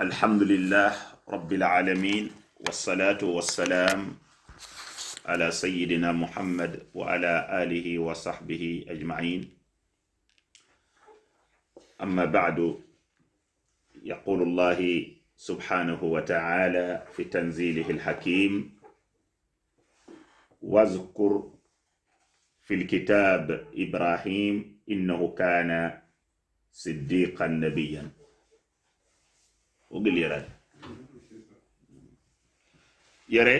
الحمد لله رب العالمين والصلاة والسلام على سيدنا محمد وعلى آله وصحبه أجمعين أما بعد يقول الله سبحانه وتعالى في تنزيله الحكيم واذكر في الكتاب إبراهيم إنه كان صديقا نبيا o yara yare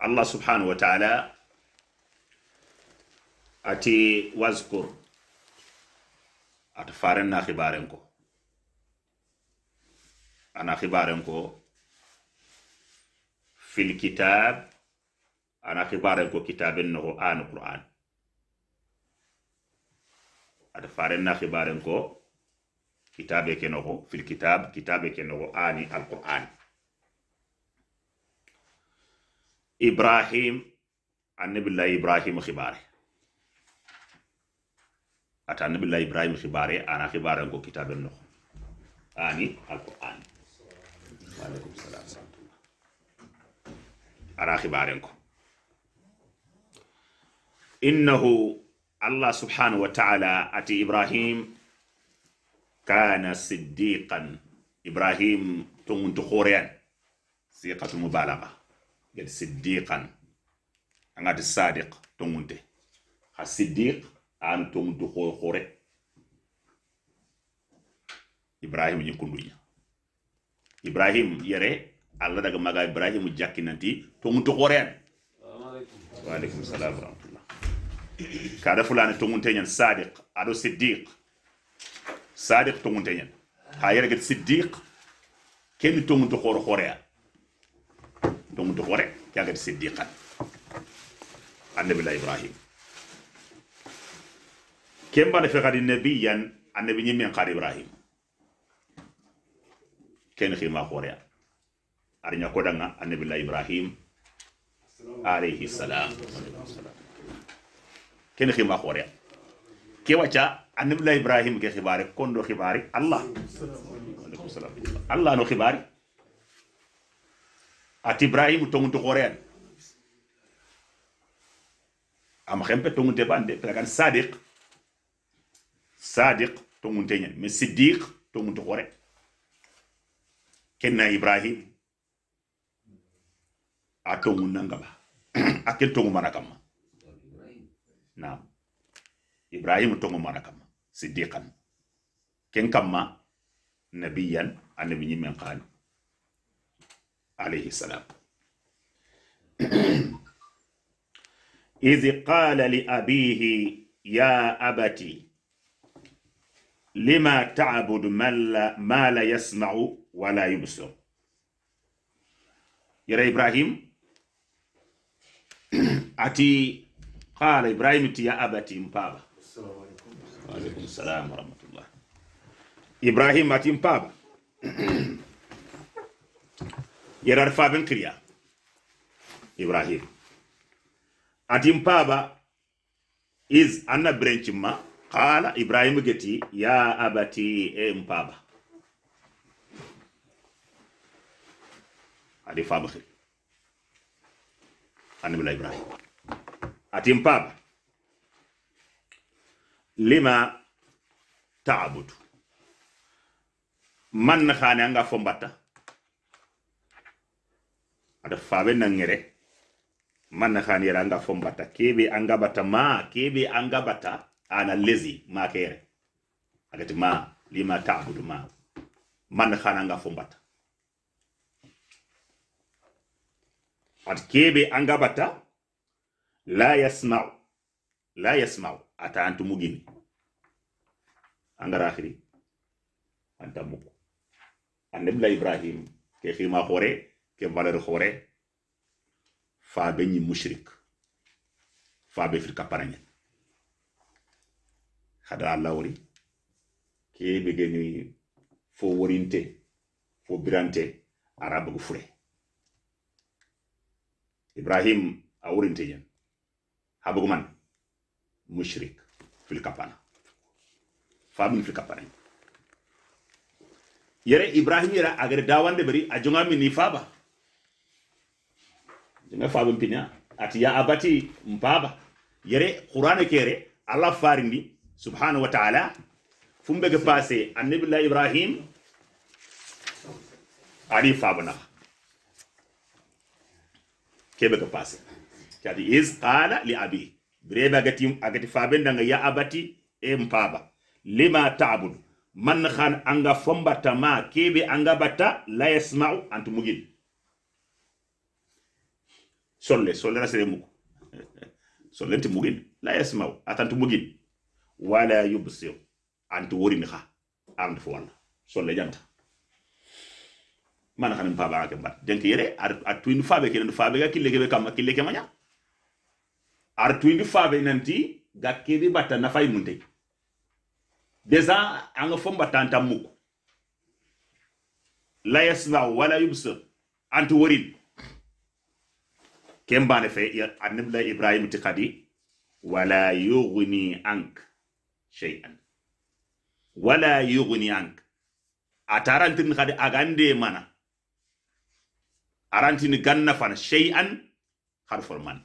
allah subhanahu wa taala ati waskur ata faren na xibaren ko ana xibaren ko fil kitab ana xibaren ko kitaben noxo an qur'an ata faren na xibaren ko kitabe ke nogo fil kitab kitabe ke nogo ani alquran ibrahim annabillah ibrahim khibare ata annabillah ibrahim khibare ana khibare ngo kitabe nogo ani alquran wa alaikum salam ana khibare ngo innahu allah subhanahu wa ta'ala ati ibrahim kana siddiqan ibrahim tungun tonguntu khoreyan siqatu mubalagha gel siddiqan de sadiq tongunte ha siddiq an tungun tonguntu khore ibrahim ni kundunya ibrahim yere iya allah daga maga ibrahim tungun tonguntu khoreyan wa alaikum salam wa rahmatullah kada fulani tongunte nyan sadiq ado siddiq sadiq tungunte ñen ha yere get siddiq ken tungunte xor xore ya tungunte xore ya get siddiqan annabi la ibrahim ken ba fe gadi nabiyan annabi ñimen qad ibrahim ken xima xore ya ari ko danga annabi la ibrahim alayhi salam ken xima xore ya ke wacha annabila ibrahim ke hibari kondo hibari allah aleykum salam allah no xibaari. ati ibrahim tongunti horean ama hempe tongunte bande pelagan sadiq sadiq tongunte ñani mais siddiq tongunti hore kenna ibrahim a tongu nangaba a ken tongu mana kamma naam ibrahim tongu mana kamma siddiqan ken kamma nabiyan annabi nyi men khan alayhi salam idh qala li ya abati lima ta'budu ma la yasma'u wa la yubsir yara ibrahim ati qala ibrahim ti ya abati mpaba alaikum salam wa rahmatullah ibrahim atin paba yerar faben kriya ibrahim atin paba is anna ma qala ibrahim geti ya abati e mpaba adi fabe lima taabudu man na xane anga fo mbatta ada faabe na ngere man na xane yara nga fo mbatta kebe anga bata ma kebe anga bata ana lezi ma kere agati ma lima taabutu ma man na xane anga fo mbatta at kebe anga bata la yasma'u la yasma'u ata antu mugini angara akhiri anta muku annabla ibrahim ke khima khore ke valeur khore fa be ni mushrik fa be fil kaparanya hada allah wori ke be geni fo worinte fo birante arabu fure ibrahim a worinte nyen habugu man mushrik filkapana famin filkapana yere ibrahim yera agare dawande bari a jonga mini faba jonga faba pinya ati ya abati mpaba yere qur'ana kere allah farindi subhanahu wa ta'ala fumbe ge passé annabi la ibrahim ari fabana kebe ge passé kadi iz qala li abi birebe agati agati fabendanga ya abati e mpaba lima ta'budu man khan anga fombata ma kebe anga bata la yasma'u antu mugil solle solle na sere muko solle antu mugil la yasma'u atantu mugil wala yubsir antu worin kha antu fon solle janta man khan mpaba ake bat denk yere a twin fabe kelen fabe ga kille kebe kam kille kemanya artuindi faɓe nanti ga kedi batta nafay munte déjà anga fo mbattanta mukku la yasla wala yubsir anti worin ken bane fe annabla ibrahim ti kadi wala yughni ank shay'an wala yughni ank atarantin kadi agande mana arantini ganna fana shay'an harfor mana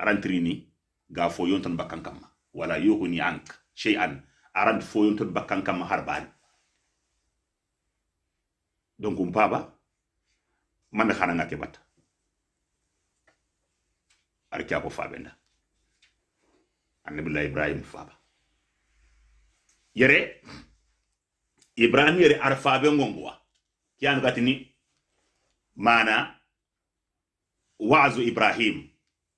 arantirini ga fo yontan bakkan kamma wala yuhuni ank an arant fo yontan bakkan kamma har donc um paba man xana nga ke ar kya ko fabe nda ibrahim faba yere ibrahim yere ar fabe ngongwa kiyan gatini mana wa'azu ibrahim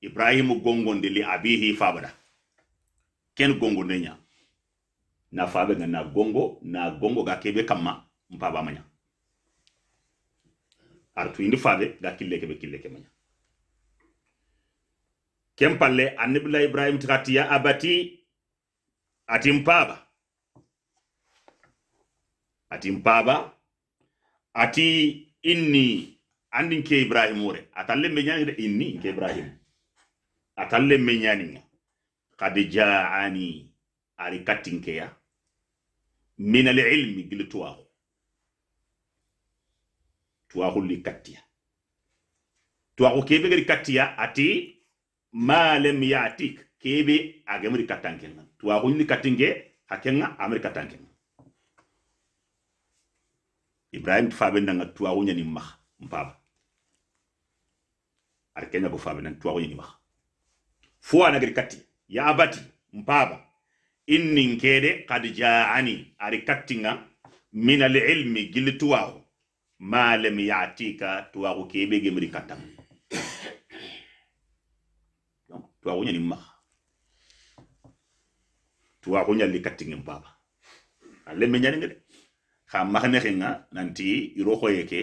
ibrahimu gongonde li abihi fabada ken gongonde nya na fabe nga na gongo na gongo ga kebe kamma mpaba manya artu indi fabe ga kille kebe kille ke manya ken palle annabila ibrahim tikatiya abati atin paba atin paba ati inni andin ke ibrahim ore atalle me nyani de inni ke ibrahim atalle menyani qad jaani ari katinkeya min alilmi gili tuwaxu tuwaxu li kattiya tuwaxu kebe gedi kattiya ati ma lam yatik kebe agemri katankenga tuwaxu ni kattinke hakenga amri katankenga ibrahim tufabe nanga tuwaxu ñani maxa mpaba ari kenñago fabe nan tuwaxu ñani maxa fuwa na katti ya abati mpaba inni nkede kad jaani ari kattinga min alilmi gili tuwahu ma lam yatika tuwaxu kebe gemiri kattanga tuwaxu ñani tuwahu tuwaxu ñalli kattingin mpaba alle me ñaninga kha xa maxnexinga nanti iroko yeke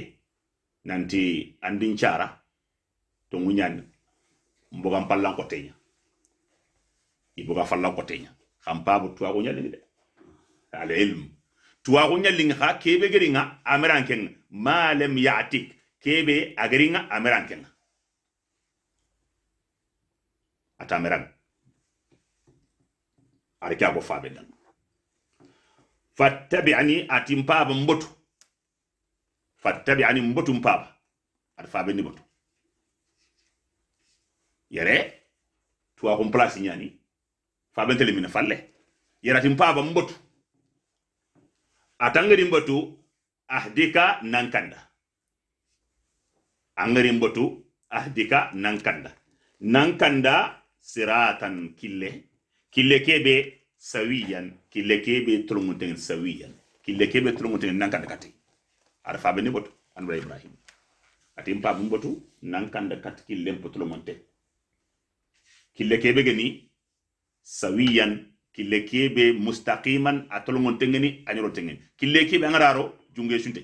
nanti andinchara cara tongu ñani mbogan pallankoteña ibuga falla kotenya hampabu tuwago nyallingi de al ilm tuwago nyallingi ha kebe geringa amerankenga ma lam ya'tik kebe ageringa amerankenga ata merang ari kya go fabe dan fattabi'ani atimpaba mbotu fattabi'ani mbotu mpaba ari fabe ni mbotu yere tuwa ko place nyani fa bentele mina falle yaratin paba mbotu atangari mbotu ahdika nankanda angari mbotu ahdika nankanda nankanda siratan kille kille kebe sawiyan kille kebe tolonguten sawiyan kille kebe tolonguten nankanda kati ada fa beni mbotu anbra ibrahim atin paba mbotu nankanda kati kille mbotu tolongonte kille kebe geni sawiyan kille kebe mustaqiman a tolongon tengeni a ñoro tengeni kille kebe a ngararo junge sunte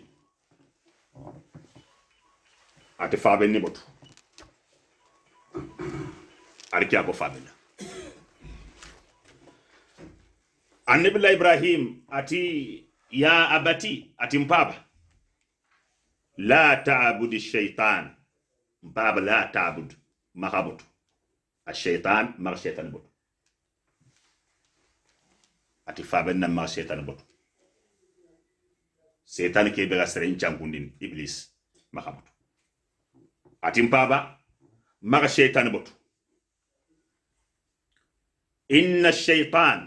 ate faben ni botu ari ke a ko fabenna annabila ibrahim ati ya abati ati mpaba la tabud shaitan mpaba la tabud maxa botu a shaitan maxa shaitan botu ati faben nan ma setan botu setan ke be ga seren cankundin iblis maka botu atin paba maka setan botu inna shaitan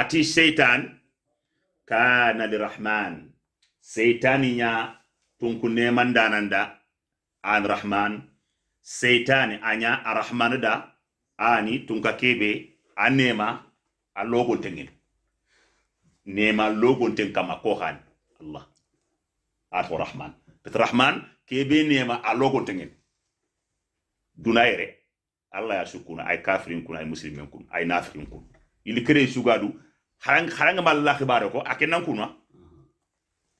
ati setan kana lirahman seitani nya tunku neman dananda an rahman seitani anya arahman da ani tunka kebe nema. a logon ne nema logon ten kama ko han allah ato rahman bet rahman kebe nema a logon tengin dunayere allah ya sukuna ay kafirin kun ay muslimin kun ay nafikin kun ili kere e sugadu harang harang malla khibare ko akenan kunwa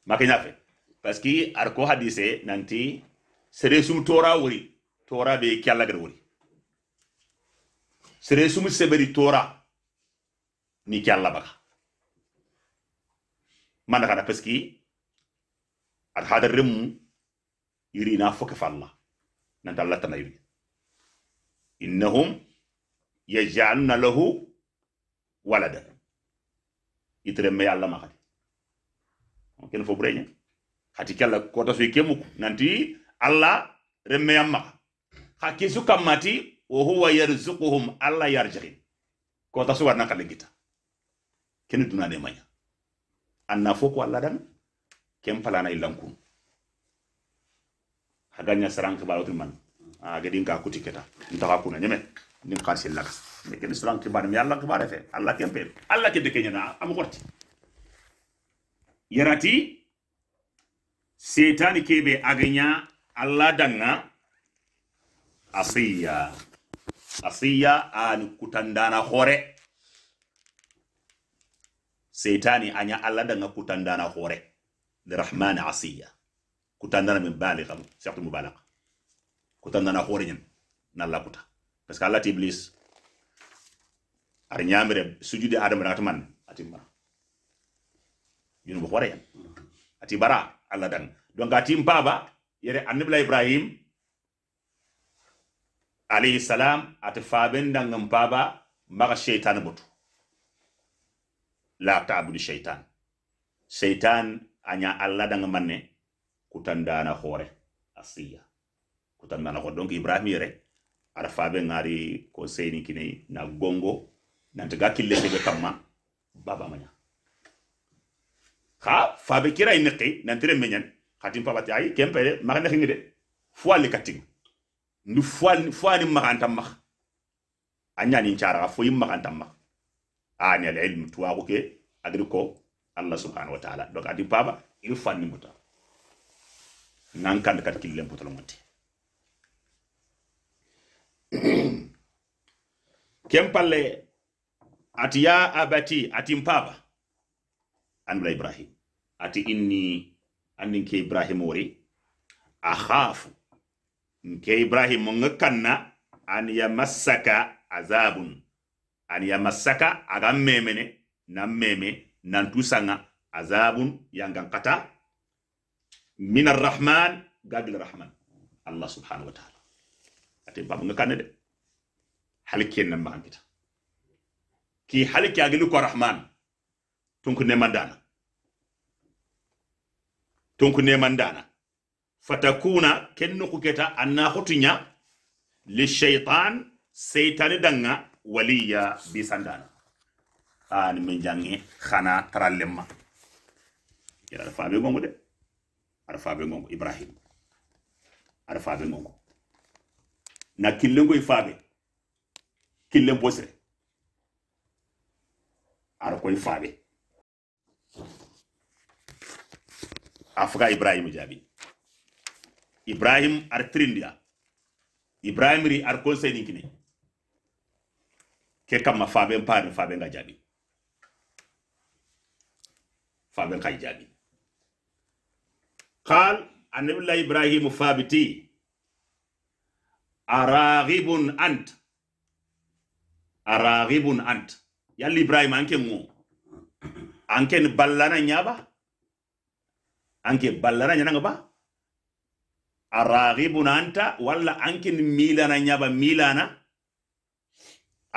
makenya fe parce que arko hadise nanti sum tora wuri tora be kyalla gar wuri seresum seberi tora ni kyalla baga mana kana peski ad hadar rimu yiri na foka falla nan dalla tana yiri innahum yaj'aluna lahu walada itre me yalla makati ken fo brenya hati kala kota su kemuku nanti alla remme yamma ha kesu kamati wa huwa yarzuquhum alla yarjihin kota su warna kalingita kene dunane maña anna fo ko allah dan ken palana illankun haganya sarang ke balotun man a ah, gadin ka kuti keta nta ka kuna nyeme nin ka sillaka me ken sarang ke bar mi allah ke bare fe allah ke pe allah ke de kenya na am gorti yarati setani kebe aganya allah danga asiya asiya an kutandana hore seitani anya alla danga kutandana hore lirahmani asiya kutandana min baligha sirtu mubalagha kutandana hore nyen nalla kuta parce que alla tiblis, iblis sujudi sujudi adam ratman atimma yun bu hore ati bara alla dang donc atim baba yere anibla ibrahim alayhi salam ati faben dangam baba maga shaytan butu la tabudu shaitan shaitan anya alla danga manne kutandana hore asiya kutandana hore donc ibrahim yere ara fabe ngari ko seyni kine na gongo nanta ga kille be kamma baba manya ha fabe kira inqi nantere menyan khatim pabati ay kempere magane ngide fuali kating ndu fuali fuali magantam mag anyani nchara fo yim magantam mag aani al ilme tuwaakuke adiri ko allah subhanau wa taala donc adi baba il fanni muta nankande kadi killen butol mote ken palle ati ya abati atin paaba an bila ibrahim ati inni andin ke ibrahim wori a haafu nke ibrahim mo ŋe kanna an yamassaka azabun ani masaka aga memene na meme na tusanga azabun yangan kata min arrahman gagil rahman allah subhanahu wa ta'ala ate babu nga kanne de halke nan ma kita ki halke agil ko rahman tunku ne mandana tunku ne mandana fatakuna kenno kuketa anna khutunya li shaytan seytani danga waliya bisangana an ah, min jangi khana tarallemma ira be gongo de be gongo ibrahim be gongo na killengo ifabe killen bosere ara ko fabe afga ibrahim jabi ibrahim ar trindia ibrahim ri ar conseil ni kini ke kamma faben pare faben ga jabi faben kay jabi qal annabillah ibrahim fabiti araghibun ant araghibun ant yalli ibrahim anke ŋo anken ballana nyaba anke ballana nyanga ba araghibun anta walla anken milana nyaba milana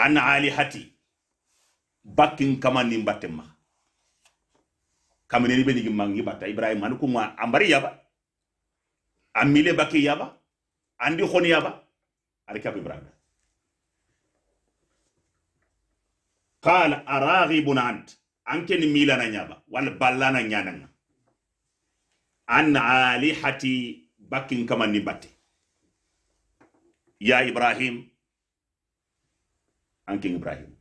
an alihati bakkin kamannin ma maha kamineni benigi mangi bata ibrahim anu kunga ambari yaba amile mile yaba andi khoni yaba ari kab ibrahim قال أراغب أنت أنكن ميلانا نيابا والبلانا نيانا أن عالحتي بكين كمان نباتي يا إبراهيم anking ibrahim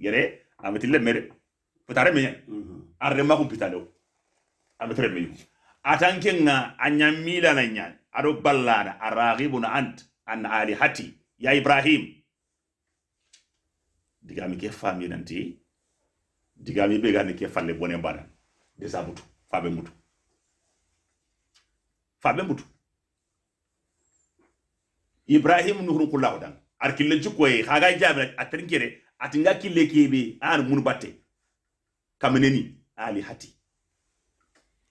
yere ametille mere potare menye arrema kumpitalo ametre meyu atankenga anyamila na nyani ado ballana araghibun ant an alihati ya ibrahim digami ke fami nanti digami be gani ke falle bone bana desa mutu fabe mutu fabe mutu ibrahim nuhurun ar kille jukoye haga jabe atin kere atinga kille kebe an mun batte kamene ni ali hati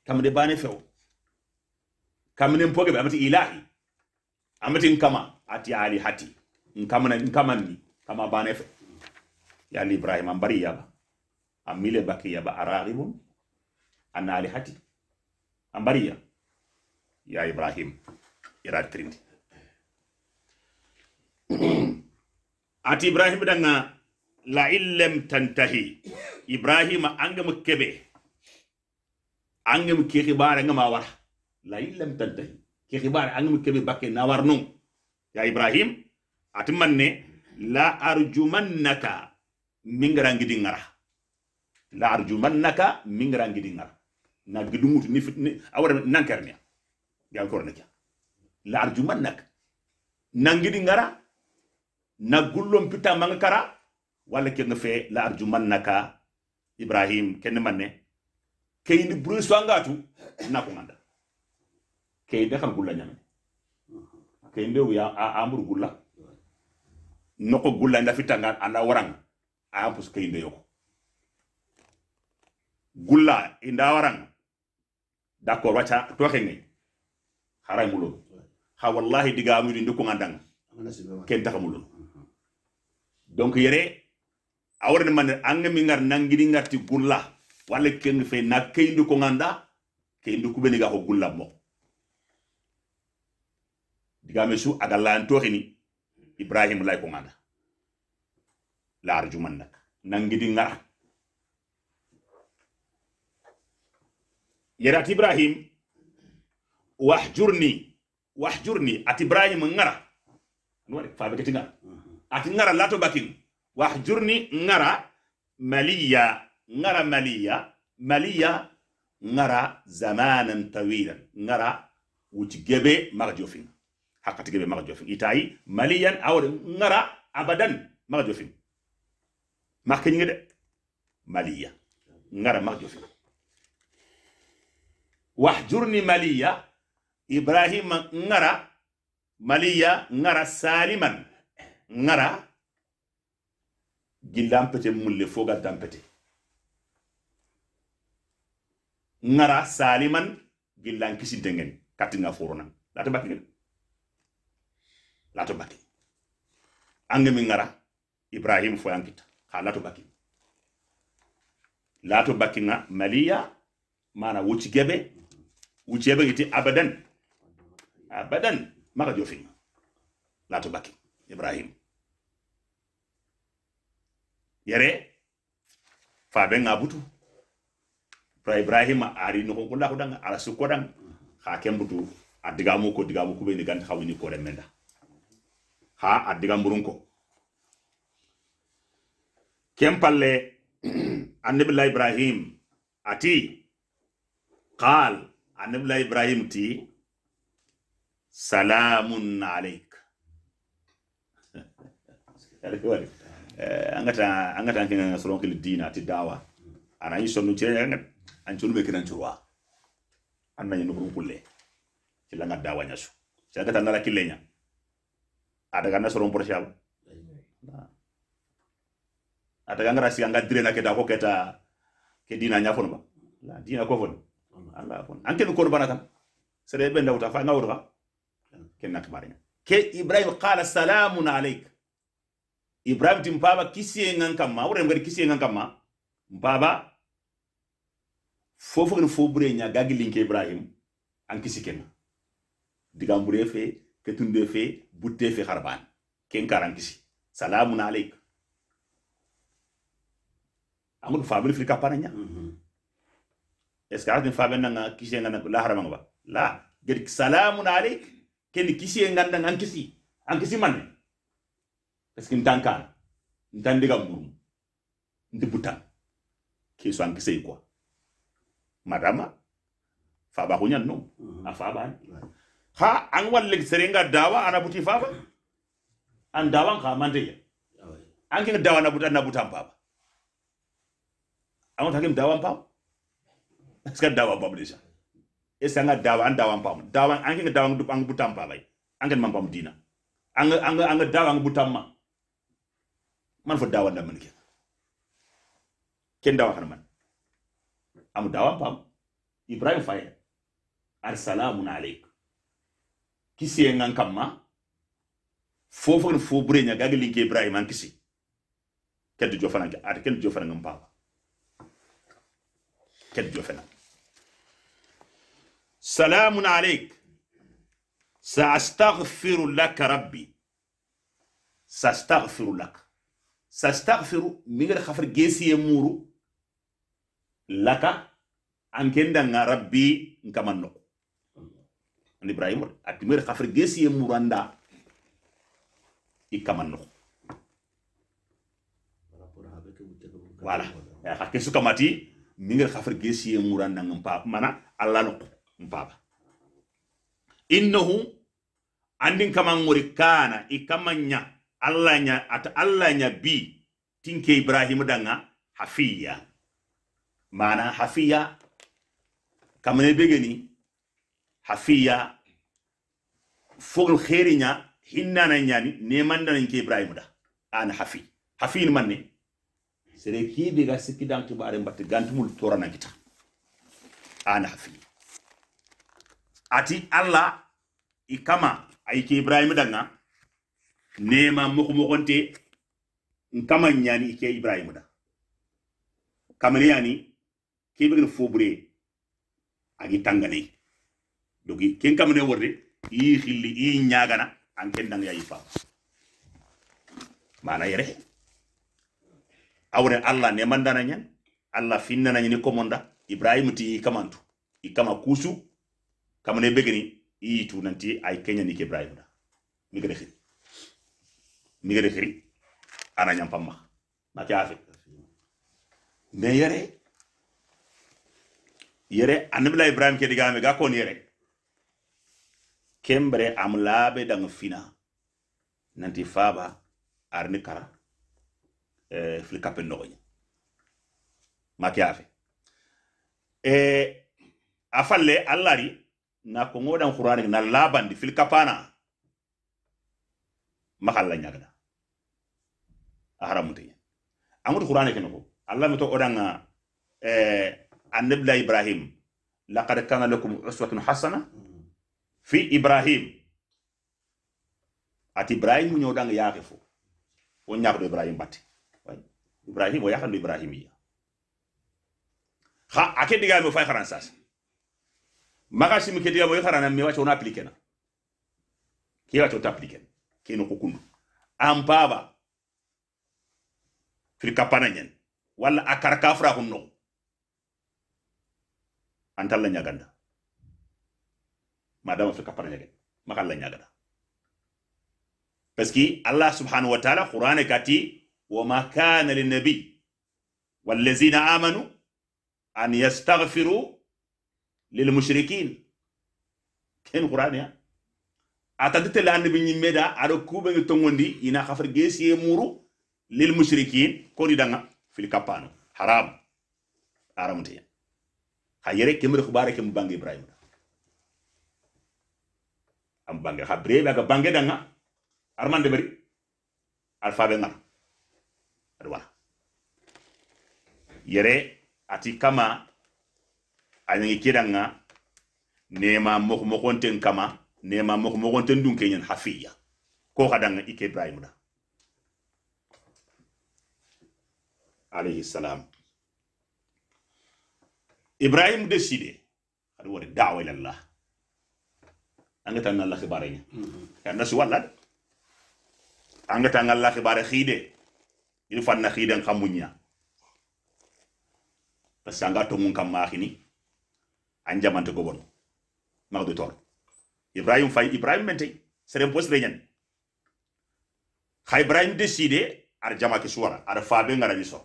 kamene bane few kamene mpoge be amati ilahi amati nkama ati ali hati nkamna nkamani kama bane fe ya ali ibrahim ambari yaba amile baki yaba araghibun an ali hati ambari ya ya ibrahim ira trindi ati ibrahim danga la tantahi ibrahim angam kebe angam ke la tantahi ke angam kebe bakke ya ibrahim ati manne la arjumannaka la arjumannaka na gidumut ni la arjumannaka nangidi ngara na gullon pita mangkara, kara wala ke ngefe la naka ibrahim ken manne kayindi bruce wangatu na ko ke de xam gulla nyame kayinde wiya amur gulla noko gulla nda fitanga anda warang ke kayinde yoko gulla inda warang dako wacha to xenge haray mulo ha wallahi diga amuri ndiko ngandang ken taxamulo donc yere a ne mane anga mi ngar nangini ngarti gulla walla keng fe na keyndi ko ganda keyndi kuɓeni ga ko gullam mo me su aga lantoxini ibrahim lay ko ganda la arjuman nak nangidi ngara yere at ibrahim wahjurni wahjurni at ibrahim ngara nuwari faɓe keti ngara mm. ati ngara lato bakin wahjurni ngara maliya ngara maliya maliya ngara zamanan tawilan ngara wujgebe marjofin hakati gebe marjofin itayi maliyan awre ngara abadan marjofin marke ngede maliya ngara marjofin wahjurni maliya ibrahim ngara maliya ngara saliman ngara gillan pete mulle foga dampete ngara saliman kisi dengen katinga forona lato bakki lato bakki angemi ngara ibrahim fo yankita ha lato bakki lato bakki nga maliya mana wuci gebe wuci gebe ite abadan abadan maka jofinga lato bakki ibrahim yere fabe ngabutu pra ibrahima ari no ko la hudanga ala su kodang ha adiga adigamu ko diga ko kube ni ganta hawini ko menda ha mburun ko annabi la ibrahim ati qal la ibrahim ti salamun alayk Eh, angata angata kina sorong kil dina ti dawa ana yi sonu cire ngat an chulu be kiran churwa an kulle ci la ngat dawa nyasu ci angata nala kilenya ada kana soron porshal nah. ada kana si anga dire na keda ko keta ke dina nya fon ba la dina ko fon Allah fon anke no korbana kam sere be ndawta fa ken nak ke ibrahim qala salamun alayka ibrahim tim paba kisiye ngan kama, wure ngari kisiye ngan kama, baba fofo mhm. ni fobure nya gagi linke ibrahim an kisi kenga diga mbure fe ketunde fe butte fe harban ken karan kisi salamun alayk Amun fabri fri kapana nya mm -hmm. est ce que adin faben nga kisi ngan la harama ba la gedi salamun alayk ken kisi ngan an kisi an kisi manne parce que ntankan ntandiga murum nti butan ke so anki madama fa ba hunyan no hmm. a ah, fa ba ha an walle serenga dawa ana buti fa ba an dawan ka mande ya oh, iya. an dawa na butan na butan ba an takim dawan pa parce que dawa ba déjà e sanga dawa an dawan pa dawan an kin dawan du an butan pa bai an kin man dina an an an dawa butan ma man dawa na man ke ken dawa kan man amu dawa pam ibrahim faye salamu alayk kisi e ngam kam ma fofon kan fo bure nya gagal linke ibrahim an kisi jo fana ken jo fana ngam pam ked jo fana salamun alayk sa astaghfiru lak rabbi sa astaghfiru lak sastaghfiru migada khafar gesiye muru laka ankenda nga rabbi nkamanno an ibrahim at migada khafar gesiye muru anda ikamanno wala ya hakke su kamati migada khafar gesiye muru anda ngpa mana alla no mpaba innahu andin kaman ikaman ikamanya Allahnya nya ata allah nya bi tinke ibrahim danga hafiya mana hafiya kamene begeni hafiya fogol khirinya nya hinnana nyani nemandana nke ibrahim da an hafi hafi manne sere bi ga sikki to bare mbatte gantumul kita an hafi ati allah ikama ay ke ibrahim danga nema nte nkama nyani ike ya ibrahim da Kamani yani kebegen fobre agi tanganei dogi ken kamane worde yi e xilli e i ñagana an ken dang yayi fa mana yere awre allah nemandana ñan allah finna nani ni komonda ibrahim ti kamantu i e kama kusu Kamani begeni yi tu nanti ay ni ke ibrahim da migene migere xiri ana ñampam max na caafe mais yere yere annabila ibrahim ke digame ga kon yere kembere am laabe dang fina nanti faba arni kara eh, fili kappe nogoña ma caafe e eh, a falle allari na kongoɗan qurani na labandi fili kapana makalla ñagana a haramuteña amuti qur'ane kene ko allah mito odanga eh, annabila ibrahim laqad kana lakum uswatun hasana fi ibrahim ati ibrahim dang yaake fo o ñakdo ibrahim batti ibrahim o ibrahim ibrahimiya ha ake digame fay haran sasa maga simi ke digame o harana mi waco ona na ki waco ta na keno kokundu ampaba baba firkapana nyen wala a karka fra kun noxu an talla ñaganda madama firkapana ñagen maxalla ñagada parce que allah subhanahu wa taala qur'ane kati wa wama kana linnabi wallazina amanu an yastaghfiru lilmushrikin ken qur'ane ya bi tele ande be ku aɗo kuɓege tongondi ina khafar gesiye muru lil mushrikin kodi danga fil kapano haram te ha yere kemre khubare kemu bangi ibrahim am bange ha ba aga bange danga armande bari alfabe ngam aɗa wala yere ati kama anangi kidanga nema mokhonten kama nema moko mogonten dun kenyen hafiya ko kadanga ike ibrahim da alayhi salam ibrahim décidé aɗa wori dawa ilallah angata ngalla hibare ña mm-hmm. ya si walla de angata ngalla hibare hiide il fanna hiiden kam muña par ce que anga tongun kam mahini an jamante gobon magdo ibrahim fay ibrahim mente serem pos renyan kha ibrahim decide ar jama ke suwara ar fabe ngara biso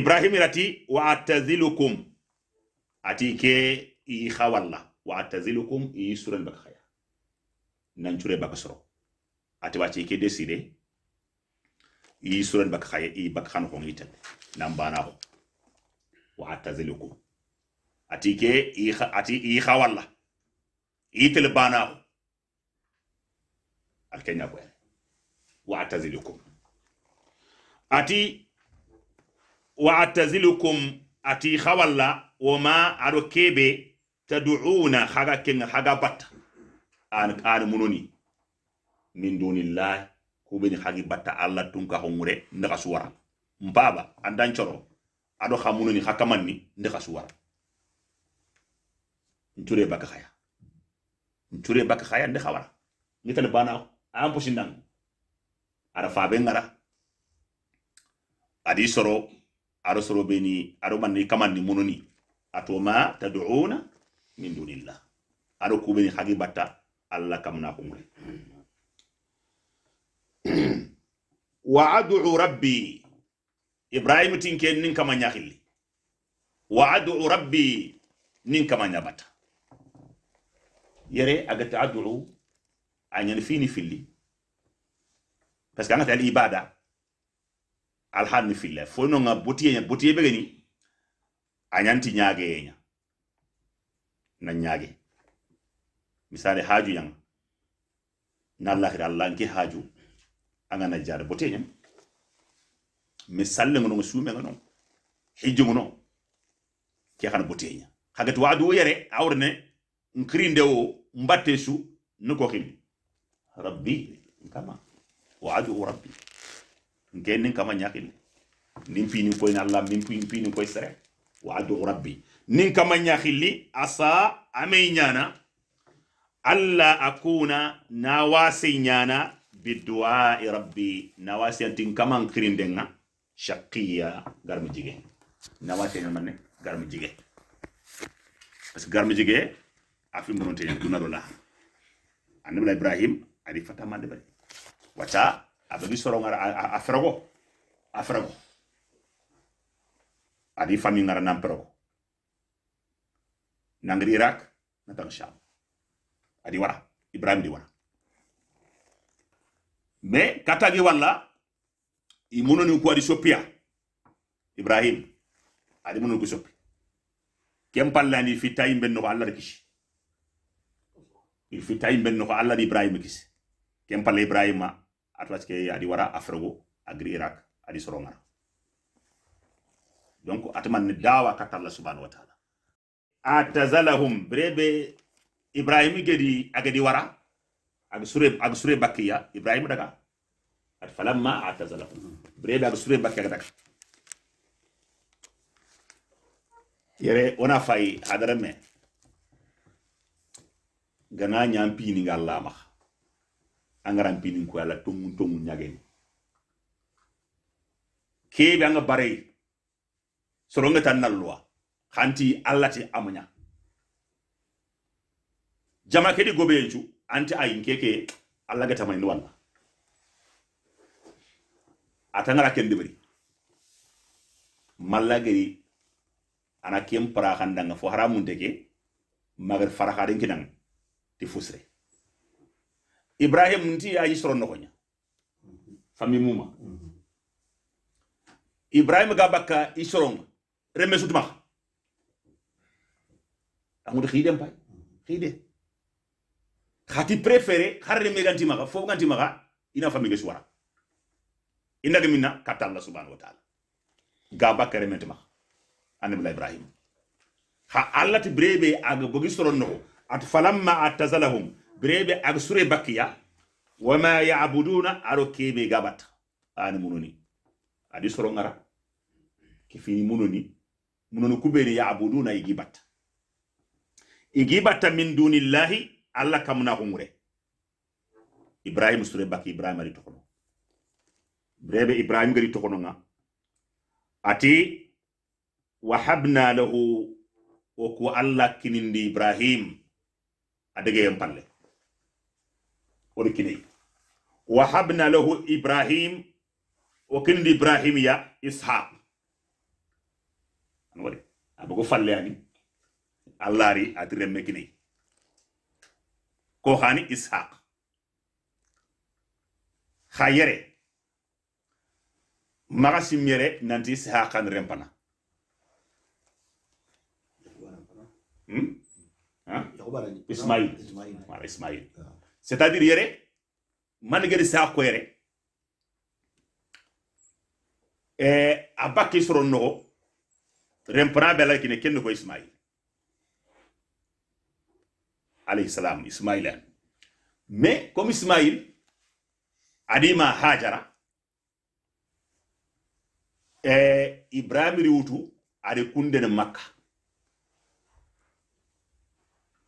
ibrahim irati wa atazilukum ati ke i khawalla wa atazilukum i al khaya nan chure soro ati ba ke decide i al khaya i khan ko ngitan nan bana ko wa atazilukum ati ke i ati i khawalla itele banao alkenya ko wa atazilukum ati wa atazilukum ati khawalla wa ma aro kebe tad'una haga kenga haga batta an an munoni min dunillahi kubeni hagi batta allah tun tunka hongure ndaka suwara mbaba andan coro ado khamunoni hakamanni ndaka suwara nture baka khaya nture baka khaya nde khawara ngital bana am posindang ara fabe ngara adi soro aro soro beni aro manni kamandi mununi atoma tad'una min dunillah aro kubeni hagi batta allah kamna kumre wa ad'u rabbi ibrahim tinken nin kama nyahilli wa ad'u rabbi nin kama nyabata yere agati adulu anyani fini filli parce que angati al ibada al hanni filla fo no nga botiye nya botiye be gani anyanti nyaage nya na nyaage misale haju yang na lahir allah nki haju anga na jar botiye nya misalle ngono sume ngono hijju ngono ke xana botiye nya hagati wadu yere awrne nkirinde wo mbatte su ni rabbi nkama wa adu rabbi nke ni kama ñaxille nin pinin na allah min pinin koy sere wa adu rabbi ni kama ñaxilli asa amey ñana alla akuna na wase ñana biduai rabbi na wase antin kama nga shaqiya garmi jige na wase ñamane garmi jige parce que garmi jige afim dono teñen duna do la ibrahim adi fatamande bari wacha abagi soro ngara afrago afrago adi fami ngara nampero nangri irak natang sham adi wara ibrahim di wara me kata gi wala i munoni ko adi sopia ibrahim adi munoni ko sopia kem pallani fi ben no allah kisi il fi tay men ko alla di ibrahim kis kem pale ibrahim atwas ke adi wara afrego agri irak adi soronga donc atman ni dawa kat allah subhanahu wa ta'ala atazalahum brebe ibrahim gedi agadi wara ag sure ag sure bakkiya ibrahim daga at falamma atazalahum brebe ag sure bakkiya daga yere ona fay hadara gana ñan pini la lamax angaram pini ko ala tongun tongun ke bi anga bare soronga tan nalwa kanti allati amnya jama kedi gobe yancu anti ay keke allaga tamani wannan atangara kendibri malagri ana kem para kandanga fo haramun deke magar den kinanga ti fusre ibrahim nti ya yisro nokonya fami muma ibrahim ga bakka isronga remme sutuma de khide mpay khide khati préféré khar remme ganti maga fo ganti maga ina fami ge suwara indaga minna katta allah subhanahu wa ta'ala ga bakka remme tuma anabla ibrahim ha allah ti brebe aga bogi soron noko ati falamma atazalahum breɓe aɓe sure bakkiya wama yabuduna aro keɓe gaɓata ani munoni adi soro gara kefini munoni munoni kuɓeni yabuduna igi batta igi batta min dunillahi allah kamna hunre ibrahim sure bakki ibrahim ari tokono breɓe ibrahim gari tokono ga ati wahabna lahu woku allah kinindi ibrahim adegeyen palle oɗo kinei wa habna lahu ibrahim o kinidi ibrahim ya ishaq an waɗi abogo falle ani allari ati remme kine ko hani ishaq ha yere maga sim yere nanti ishaq an rempana hmm? ismail voilà ismail c'est à dire yere manigeri sa koyere e eh, a bakki soro nogo rempana bela ne kenni ko ismail alayhi salam ismaila mais comme ismail adima hajara e ibrahim riwutu ade kundene makka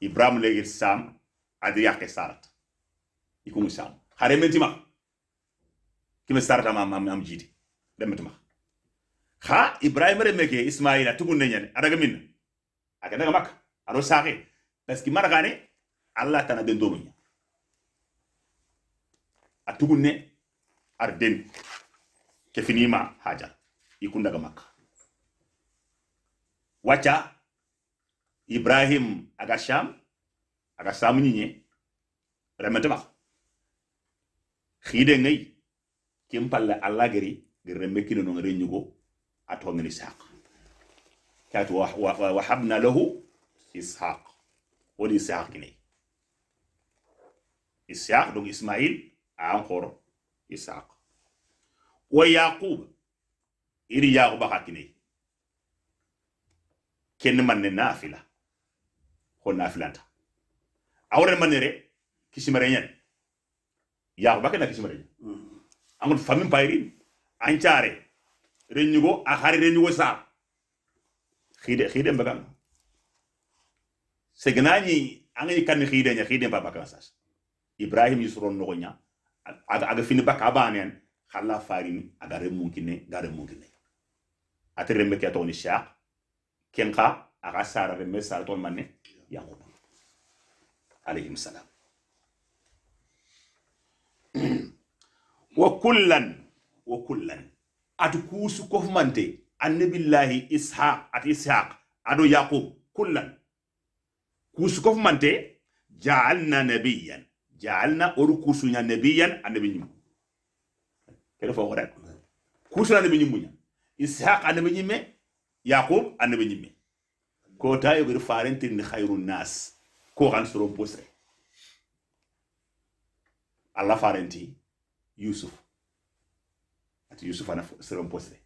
ibrahim legir sam adriyake sarata ikungu sam hare ma kime sarata ma am, am jidi demetima ha ibrahim re meke ismaila tugunne nyane adaga minna aga daga mak aro saxe parce que maragane allah tana den domu nya a ne arden den ke finima haja ikundaga mak wacha ibrahim aga sham aga sam nyinye remete bax khide ngay kim palle allah gari gere mekino no ngare nyugo ato a saq kat wa wa habna lahu ishaq wani ishaq kine ishaq donc ismail a encore ishaq wa yaqub iri yaqub hakini ken man nafila on nafilanta awren manere kisimare ñan yaxu bake na kisimare ñan hmm. angon famin payrin an care reñugo a xari reñugo saar xide xide mbagan segnañi angañi kanni xideña xide mba bakan sas ibrahim yusron nogoña aga fini baka banen xalla farini aga remunkine ga remunkine ate remme ke atogoni shaq kenxa aga sara remme sara togon manne yaqub alayhi salam wa kullan wa kullan atu kofmante kofumante annabillahi ishaq at ishaq aɗo yaqub kullan kusu kofmante jaalna nabiyyan jaalna oru kuusuña nabiyan annabi ñimmu kene fo kusu kuusuna annabi ñimmuña ishaq annabi ñimme yaqub annabi ñimme kota yogir farentirni hayru nas ko xan soron Allah farin ti yusuf ati yusuf ana soron posre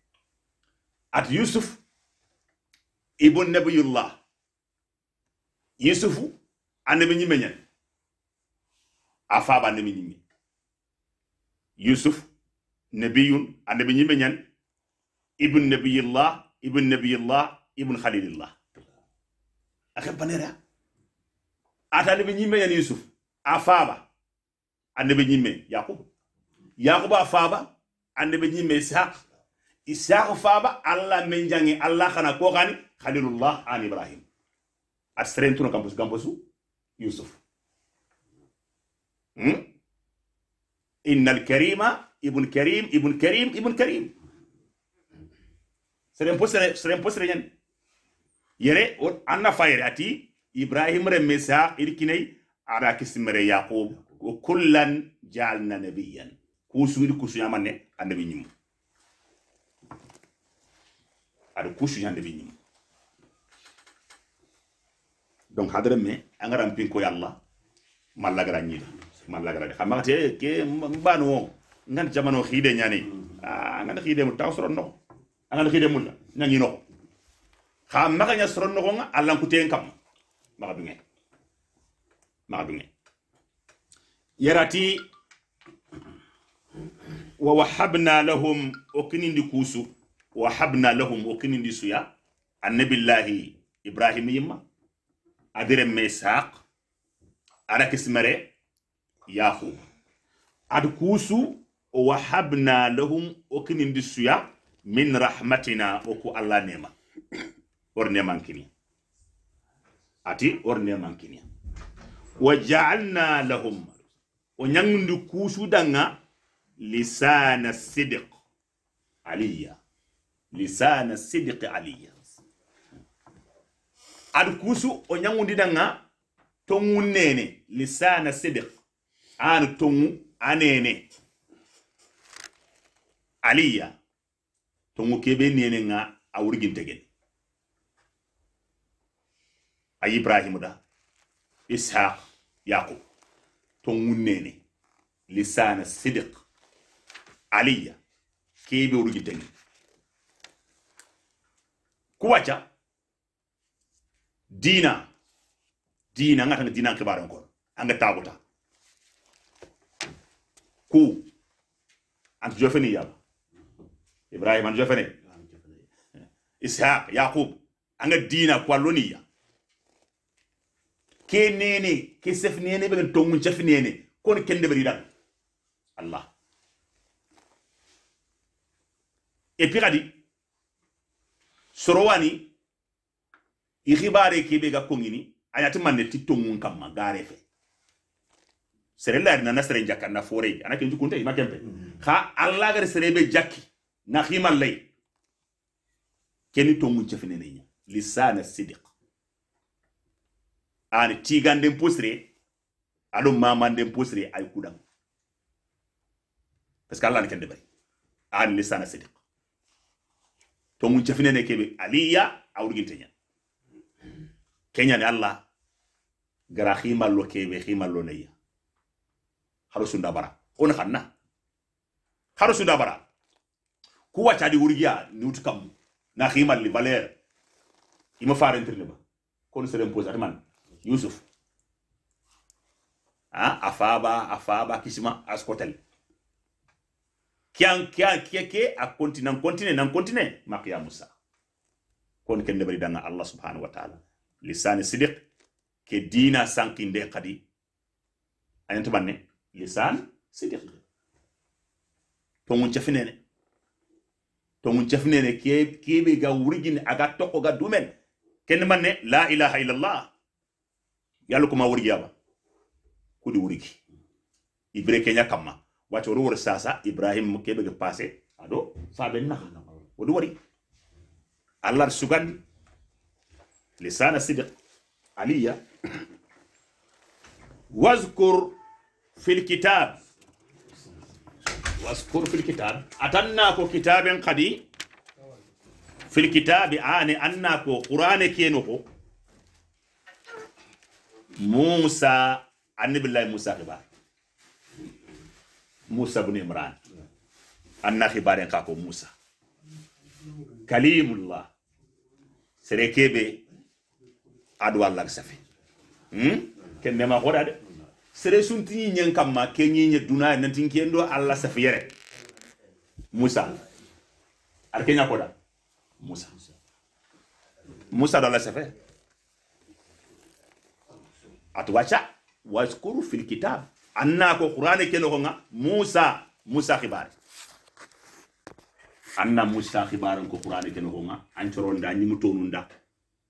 ati yusuf ibun nabiyullah yusufu annabi ñimme ñan a faaba annabi ñimme yusuf nabiyun annabi ñimme ñan ibn nabiyillah ibn nabiyillah ibn khalilillah akan panera ata ne yusuf afaba ande yakub yakub afaba ande ishaq ishaq faba allah menjangi allah ko khalilullah an ibrahim kampus kampusu yusuf hmm? innal karima ibn karim ibn karim ibn karim posere posere yere anna fayre ati ibrahim re mesa irkinai ada kisimere yaqub kullan ja'alna nabiyyan kusuwir kusuyamanne annabi ñimu ada kusuya annabi ñimu donc hadre me angaram pinko yalla mallagara ñida mallagara de xamate ke mbanu wo ngan jamano xide ñani a ah, ngan xide mu taw soro no ngan xide mu ñangi no xa maxa ña soron a lankuteen kam maxa dunge maxa dunge yarati wa wahabna lahum o kinindi kuusu wa wahabna lahum o kinindi suya annabillahi ibrahim yimma adirem me saq ada kismere yaqub ad kuusu o wahabna lahum o kinindi suya min rahmatina o ku allah nema wor nemankini ati wor nemankini wa ja'alna lahum o kusu danga lisana sidik aliya lisana sidik aliya aɗa kuusu o danga tongu nene lisana sidik anu tongu anene aliya tongu kebe nene nga a wurgintegen a Ibrahim da ishaq yaqub ton ne lisana sidiq aliya kebe urugiteni kuwaca dina dina nga tanga dina kibaran kon anga tabuta ku an jofeni yaba ibrahim an jofeni ishaq yaqub anga dina kwaloniya ke nene ke sef nene be to mun chef nene kon kende bari dan allah e puis kadi sorowani i xibare kebe ga kongini ayati mande ti tongun kamma gare fe sere laari nana sere jakkanna forey ana kenju kunte ima kempe xa mm-hmm. alla gare serebe jakki na ximallay keni tongun cefinene ña lisana sidiq ani tiganden pusre maman mamanden posire ay kudan parce que allah ne kende bari ani lisana sidiq to mun ne kebe aliya awruginte kenya keñani allah gara lo kebe lo neya haro sunda bara on xanna haro sunda bara ku di wurgiya ni utkam na ximalli valeur ima farentirne ba kon se remposat man yusuf a ah, afaba afaba kisima askotel kian kia kia ke a kontine kontine nan kontine maqiya musa kon ken debari danga allah subhanahu wa ta'ala lisan sidiq ke dina sankinde qadi ayanto banne lisan sidiq to mun chafinene to mun chafinene ke ke be ga wurigin aga tokko ga dumen ken manne la ilaha illallah yalla kuma wuri yaba kudi ki ibre kenya kamma wati oɗo wori sasa ibrahim keɓe ge passé ben na naha di wari allah sugan lisana sidiq aliya wazkur fil kitab wazkur fil kitab atanna ko kitaben qadi fil kitabe ani anna ko qur'ane kenoko musa annabillahi musa khibar musa bin imran anna khibar ka kako musa kalimullah sere kebe adu allah safi hmm ken nema hoda de sere sunti nyen kamma kenyi nye duna nantin kendo allah safi yere musa arkenya koda musa musa dalla safi atu wacha waskuru fil kitab anna ko qur'ani ke nogonga musa musa khibar anna musa khibar ko qur'ani ke nogonga an ni an nda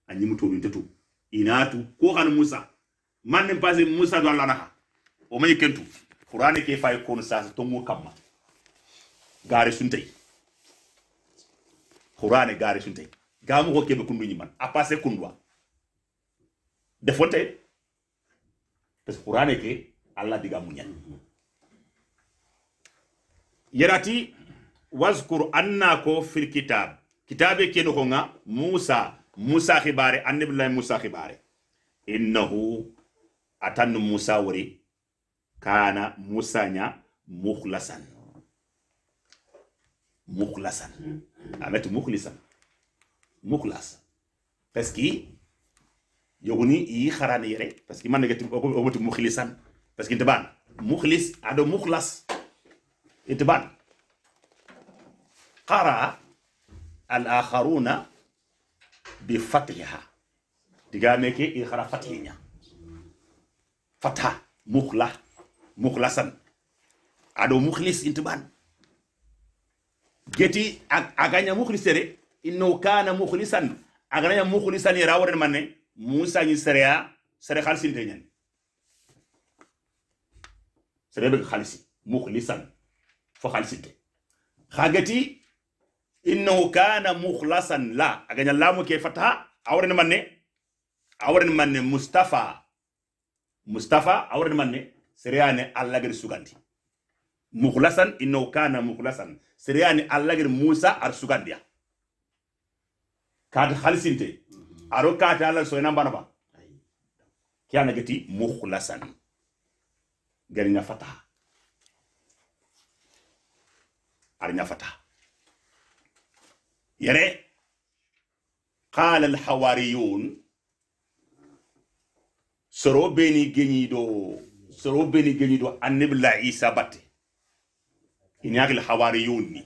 an mutonu tu inatu ko kan musa man ne passé musa do allah ha o may kentu qur'ani ke fay sa to tongo kamma gare suntay qur'ani gare suntay gamu ko kebe kundu man a passé kundwa defonte parce que qur'ane ke allah diga munyan yerati waskur anna ko fil kitab kitabe keno ko nga musa musa khibare annabillahi musa khibare innahu atannu musa wari kana musa nya mukhlasan mukhlasan amatu mukhlasan mukhlas parce que yoguni i kharane yere parce que man ngati obati mukhlisan parce que mukhlis ado mukhlas itaban qara al akharuna bi fatiha diga meke i khara fatiha fatha mukhla mukhlasan ado mukhlis intiban geti aganya mukhlisere inno kana mukhlisan aganya mukhlisan yarawren manne musa ni sereya sere khalsi te nyen sere be khalsi mukhlisan fo khalsi te khagati innahu kana mukhlasan la la lamu ke fataha awren manne awren manne mustafa mustafa awren manne sereyani allagir sugandi mukhlasan innahu kana mukhlasan sereyani allagir musa ar sugandiya kad khalsinte aro kata ala so enan banaba kiana gati mukhlasan gari nya fataha ar nya fataha yare qala al hawariyun soro beni genido soro beni genido annabi la isa batte inyagil hawariyun ni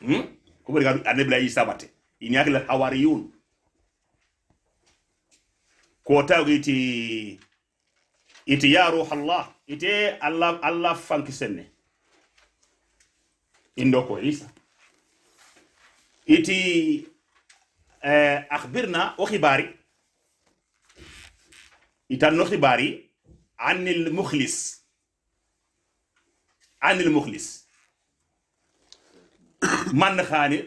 hmm ko bari gadu annabi la isa batte inyaki la hawariyun kota iti iti ya ruha ite allah allah fanki senne indo ko isa iti eh, akhbirna o khibari itan no khibari anil mukhlis anil mukhlis man khani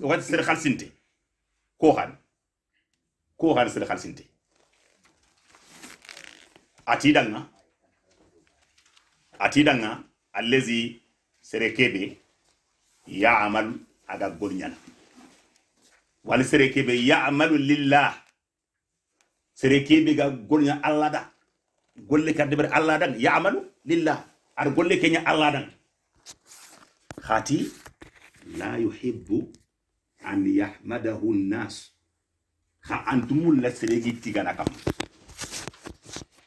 wati sir khalsinte ko han ko han ati khalsinte atidanga atidanga allazi sere kebe ya amal aga golnyana wal sere kebe ya amalu lillah sere kebe ga golnya allah da golle kadde ber allah dan ya amalu lillah ar golle kenya allah dan khati la yuhibbu an yahmadahu nas ha antumul la seregi tigana kam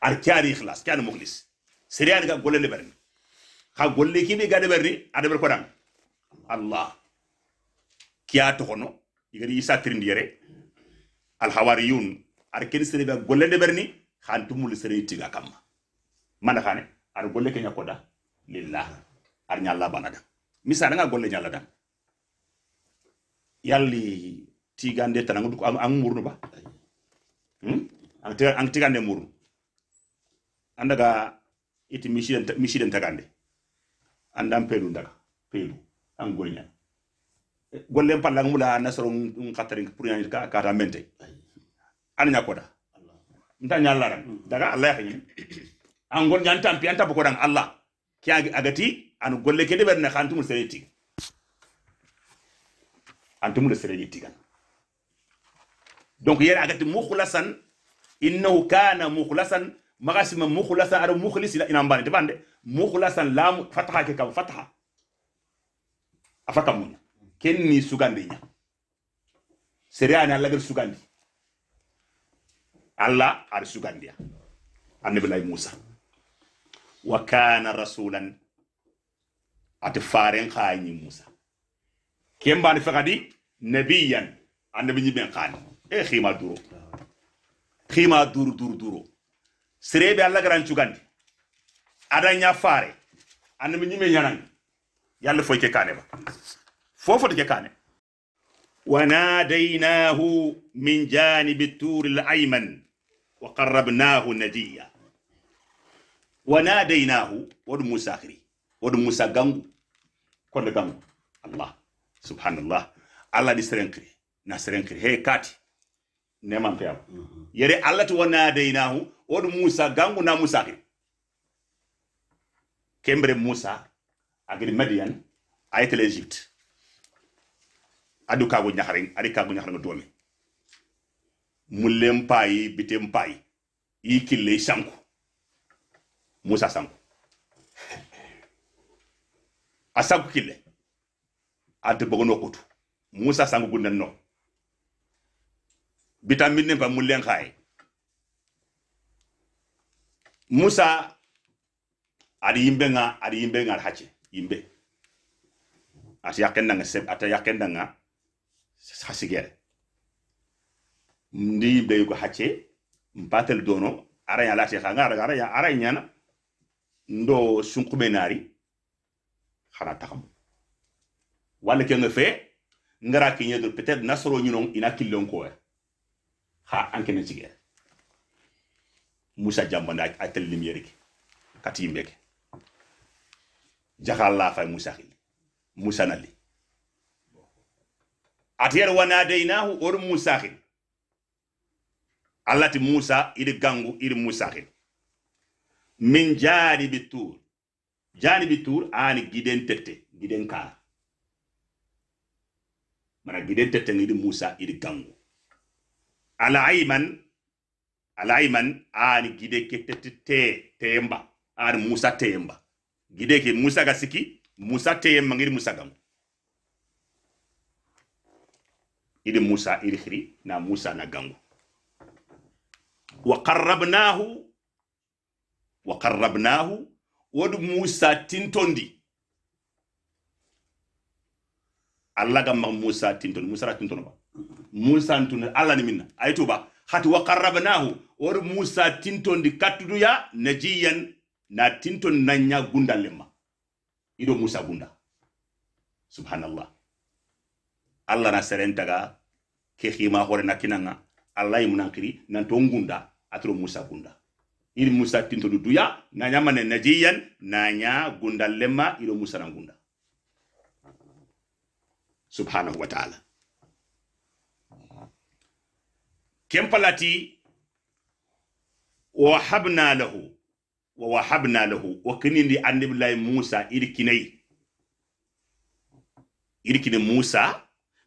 ar kyari ikhlas kyan mukhlis ga golle berni ha golle ga berni ber kodam allah to hono igari isa yere al hawariyun ar ken ga golle berni ha antumul tiga kam khane ar golle lillah ar nyalla banada golle nyalla yalli tigande tan angudu an murnu ba hmm ang tiga ang tigande murnu andaga iti misiden misiden tagande andan pelu ndaga pelu an golnya golle palla ngula nasoro ngatarin pour yani ka ka ta mente an nyakoda nta ran daga allah yakini an gon nyantam pianta bokodan allah kya agati an golle kede berne khantum sereti antum le sere yitigan donc yera agati mukhlasan innahu kana mukhlasan magasima mukhlasan ar mukhlis ila bande bande mukhlasan lam fataha ke kam fataha afata munya kenni sugandi nya sere ana allah gar sugandi alla ar sugandiya annabi lay musa wa kana rasulan ati faren khayi musa kembani fekadi nabiyan annabi ñimmen kaani e xima duro xima duru duru duro serebe allah garan cugandi ada ña faare annabi ñimme ñanangi yalla foy ke kane ba fofoto ke kane وناديناه من جانب التور الأيمن وقربناه نجيا وناديناه ود موسى خري ود موسى غانغو كون غانغو الله subhanallah allah di serenkiri na serenkiri he kati nemampeyam mhm. yere allah to wona deynahu oɗo musa gangu na musa ke kembre musa agiri median ayte l'egypte adu kagu ñaharen ari kago ñaharengo doome mulem pay bitem pay yi kille sanku musa sanku a kille ate bogono kutu musa sangu gunden no bitamin ne pa mullen khay musa ari yimbe nga ari yimbe nga hache yimbe ati yakenda nga seb ati yakenda nga hasigere ndi yimbe yuko hache mpatel dono ara ya lati khanga ara ara ya ara nyana ndo sunkumenari khana takamu walla ke fe ngara ke nyedo peut-être nasoro non ina killon ko ha anke ne cigere musa jambanda a tellim yerike kati yimbeke jaxal la fay musa khil musa nali atiyar wanadaynahu or musa khil allati musa iri gangu iri musa khil min janibi tur janibi tur ani giden tette giden kar mana gide tetengidi musa iri kangu alaiman alaiman ani gide ke te temba ani musa temba gide ke musa ga siki musa temba ngiri musa kangu iri musa iri khiri na musa na gangu wa qarrabnahu wa qarrabnahu wadu musa tintondi alla ga mag musa tinton musa ra tinton ba musa ntun alla ni minna ay tuba hati wa qarrabnahu or musa tinton di kattudu ya najiyan na tinton nanya gunda lemma ido musa gunda subhanallah alla na serentaga ke khima hore na kinanga alla na to gunda atro musa gunda iri musa tinton duya nanya mane najiyan nanya gunda lemma ido musa na gunda subhanahu wa ta'ala ken palati habna lahu wa wahabna lahu wa kini kinindi annabillahi musa irkinai irkine musa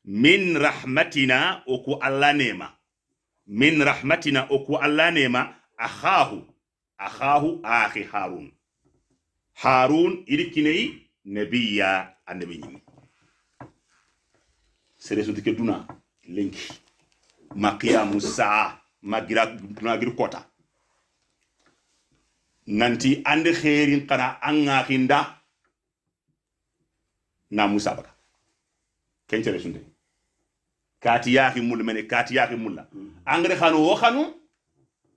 min rahmatina oku allah nema min rahmatina oku allah nema akhahu akhahu akhi harun harun irkinai nabiya annabi ñimi seresutike duna lenki maqiyamu musa magira dunagir kota nanti ande xeerin kana anga ŋaxinda na musa musabaga ken seresunte kati yaxi mul mene kati yaxi mulla angre xano wo xanu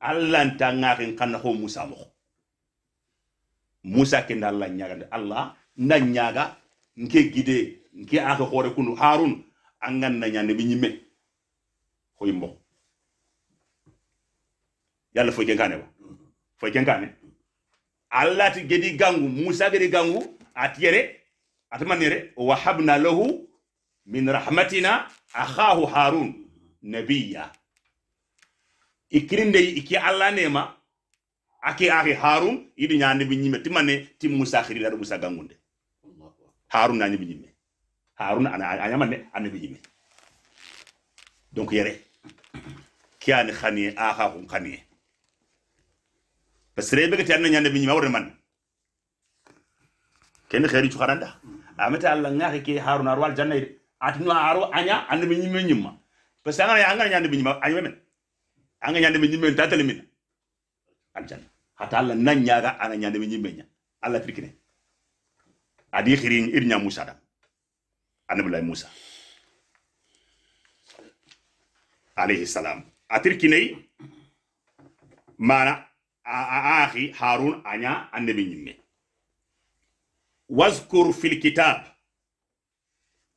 allanta ŋaxin kana ho musa mo musa kenda alla nyaga allah na nyaga nke gide nke axe xoore kunu harun angan na nyane bi nyime hoy mbo yalla foy ken kane ba foy ken kane allah ti gedi gangu musa gedi gangu atiyere atmanere wa habna lahu min rahmatina akhahu harun nabiyya ikirinde iki allah nema ake ake harun idi nyane bi nyime timane tim musa khiri musa gangunde harun nani bi nyime haruna a ñamande annabi ñimi donc yere ki ani xaniye a xa xun xaniye parce que rebe gati anna ñannabi ñimi a warne man kene xeeri cuxaranda amete allah ngaxi ke haruna arwal jannayi de atinu aro aña annabi ñimme ñimma parce que angana angana ñannabi ñima añime men anga ñannabi ñimme ta tele min aljanna hata allah nan ñaga ana ñannabi ñimme ña allah tirkine adi xirin ir musa النبي الله موسى عليه السلام أتركني ما أخي هارون أنا النبي نمي واذكر في الكتاب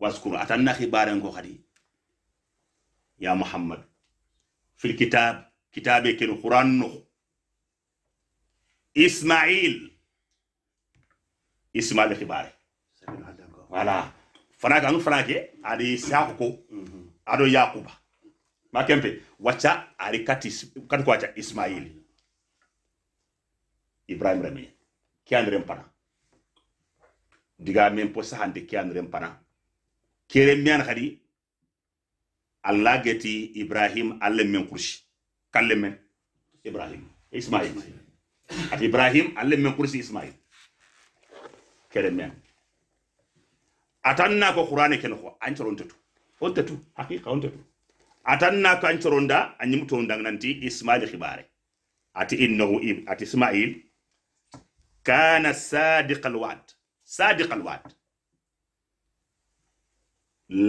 واذكر أتنا خبارن غادي يا محمد في الكتاب كتابك القرآن إسماعيل إسماعيل خبارة voilà. fana kan fana ke adi sako ado yakuba makempe wacha ari kati kan ko wacha ismail ibrahim rami kiandre mpana diga men po sahande kiandre mpana kere mian khadi allah geti ibrahim alle men kursi kalle men ibrahim ismail at ibrahim alle men kursi ismail kere mian atanna ko qur'ane ken ko an coronta tu onta tu haqiqa onta tu atanna ko an coronda an yimto ndang nanti ismail khibare ati innahu ib ati ismail kana sadiq alwad sadiq alwad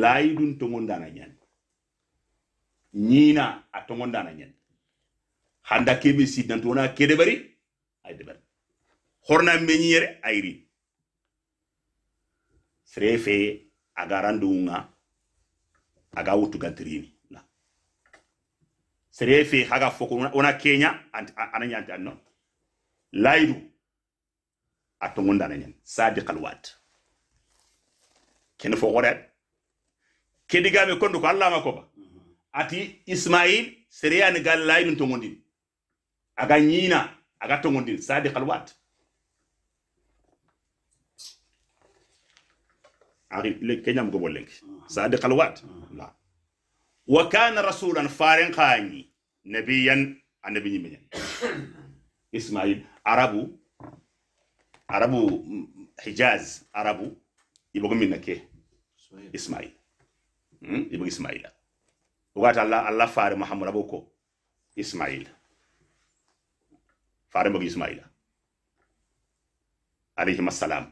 laydun to ngondana nyen nyina ato ngondana nyen handa kebe siddan to na kede bari ay de bari horna meñi yere ayri frefe agaranduunga aga gantirini srefe haga foko ona kenya ananyanti anno laidu atungunda nanyen sadi kalwat ken foko gore kediga me kondo ko alla ma ati ismail sereyan gal laidu tongondi aga nyina aga tongondi sadi kalwat ari le kenyam go sa sadi khalwat la wa kana rasulan faren khani nabiyan annabi nyimen ismail arabu arabu hijaz arabu ibogo ke ismail hmm? ibogo ismaila wata allah allah fare muhammad aboko ismail fari bogo ismaila alayhi assalam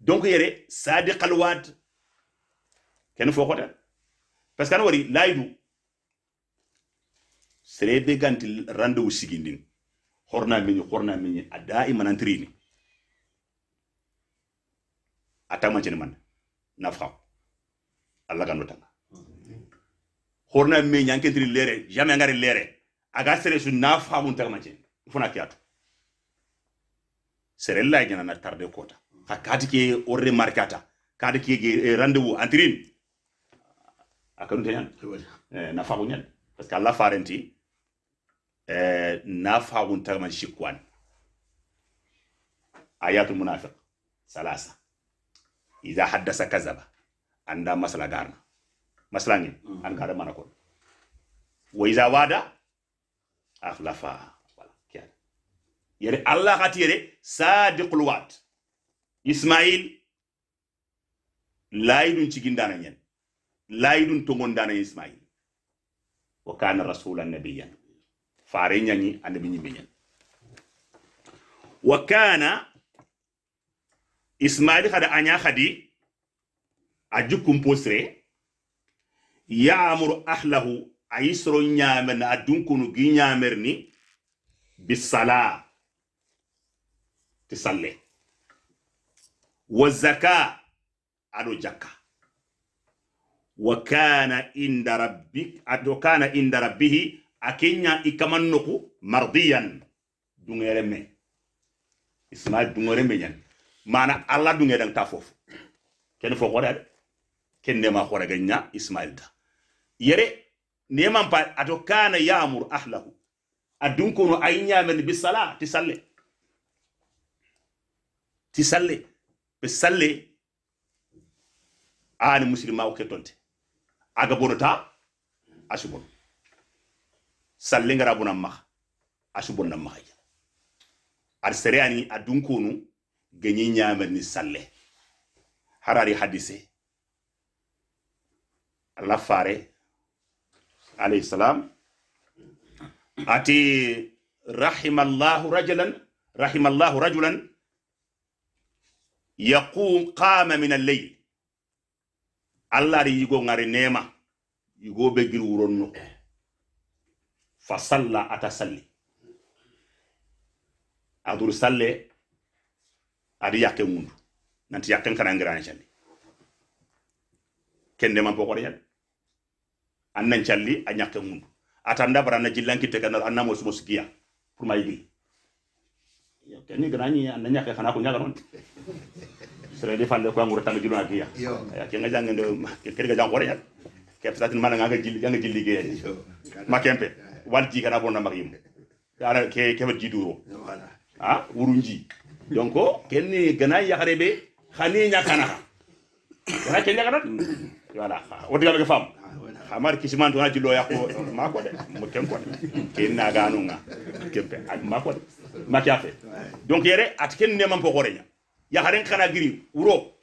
donc yere sadiq alwad ken fo xoten parce que ana wari layidu be ganti wu sigindin horna meñi horna meñi a da'i manantirini a ni man nafxaw allah gando tanga horna meñi an kentiri lere jamais angari lere aga sere su nafamun tagamancene ifona kiyatu sere lay ñanana tarde kota ka kati ke o remarquata kati ke rendez-vous antirin akanute ñan nafaxu ñan parce que alla farenti nafaxun tagaman sikkuan ayatul munafiq salasa ida haddasa kazaba anda masala garna masalangin mhm. an kada mana kon wa iza wada akhlafa wala kiyar yare allah khati yare sadiqul wad ismail laydun cigindana ñen layiɗum to na ismail wa kana rasulan nabiyan fare ñañi annabi ñimɓe ñan wa kana ismail hada anya hadi a jukkum posre yamuru ahlahu a yisoro na a dunkunu gi ñamerni bisala tisalle wa zaka aɗo jakka wa kana inda rabbik ato kana inda rabbihi akenya ikaman noku mardiyan dungere me isma dungere me nyan mana alla dungere dang ta fofu ken fo gore ken ne ma gore ganya ismail da yere ne man pa ato kana yamur ahlahu adun kono ayinya men bi sala ti salle ti salle be salle an muslima o ketonte aga bonota asubon salle ngara bonan maha asubon nan maha ya ar sereani adun konu ganyi nyamen ni salle harari hadise allah fare alayhi salam ati rahimallahu rajulan rahimallahu rajulan yaqum qama min al-layl allah ri yigo ngari nema yigo be gir wuronno eh. fa salla ata salli adur salle adi yakke mundu nanti yakken kana ngirani ken kende man pokore yal nan calli a yakke ngundu atanda bara na te kana anna mo sumo sigiya pour ma yigi yakke ni grani anna yakke kana ko non sere de fande ko ngura tanga juluna kiya ya ke ngaja ngende ke ke gaja ngore ya ke psati mala ngaga jilli ngaga jilli ge ma kempe walti kana bonna magim ara ah, ke ke wadi duro ha wurunji donc kenni gana ya harebe khani nya kana wala ke nya kana hmm. wala fam ah, amar kisiman tona jillo ya ko ma ko de mo ken ko na ganunga kempe ma ko de ma kya donc yere ne man po yaharen kana giri wuro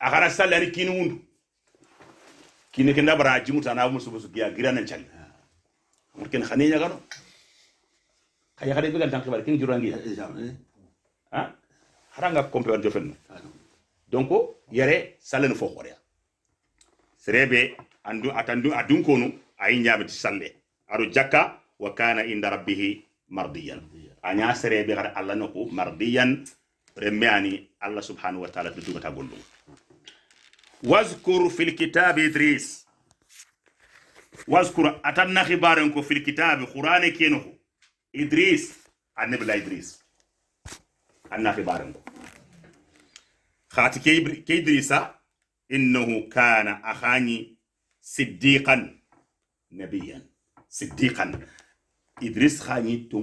a kana ni kini wundu kini kenda bara jimuta na musu musu giya gira nan cali murkin khane nya gano kaya bi bigan tanke kibar kin jurangi eh, eh. ha haranga kompe on jofen donc yare sallani fo khore serebe andu atandu adun kono ayi ti salle aro jakka wa kana inda rabbihi mardiyan anya serebe gar alla ko mardiyan remme ani allah subhanahu wa taala dudugata gollum waskur fil kitabe idris waskur atanna hibaren ko fil kitabe qur'ane keno ko idris annabila idris anna hibaren ko hati ke idrisa innahu kana ahani siddiqan nabiyan idris hani to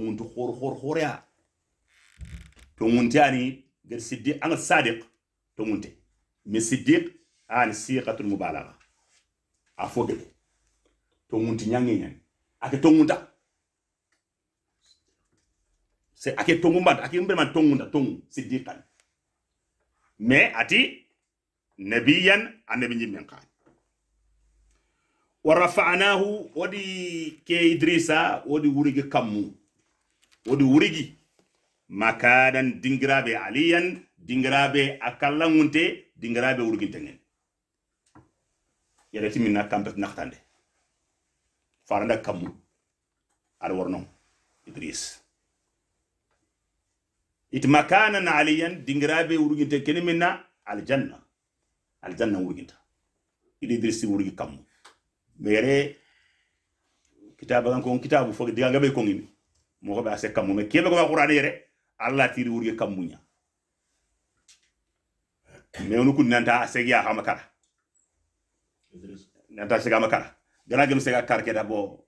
to munti ani gir siddi an sadiq to munti mi siddiq an siqatul mubalagha a foge to munti nyangi nyen ak to munta c'est ak to mumba ak yumbe man to munta to ati nabiyan an nabi nyimen ka wa rafa'nahu wadi ke idrisa wadi wurigi kamu, wadi wurigi makadan dingirabe aliyan dingirabe akallangunte dingirabe urgintengen yere timin na kampet naktande faranda kamu ar warno idris it makanan aliyan dingirabe urginte kene minna aljanna aljanna urginta idi idris urgi kamu mere kitabu kan ko kitabu fo diga gabe ko ngimi mo ko ba se kamu me kebe ko qur'an yere alla tiri munya me wani kun nanta a hama kara nanta sega makara gana gem sega ke da bo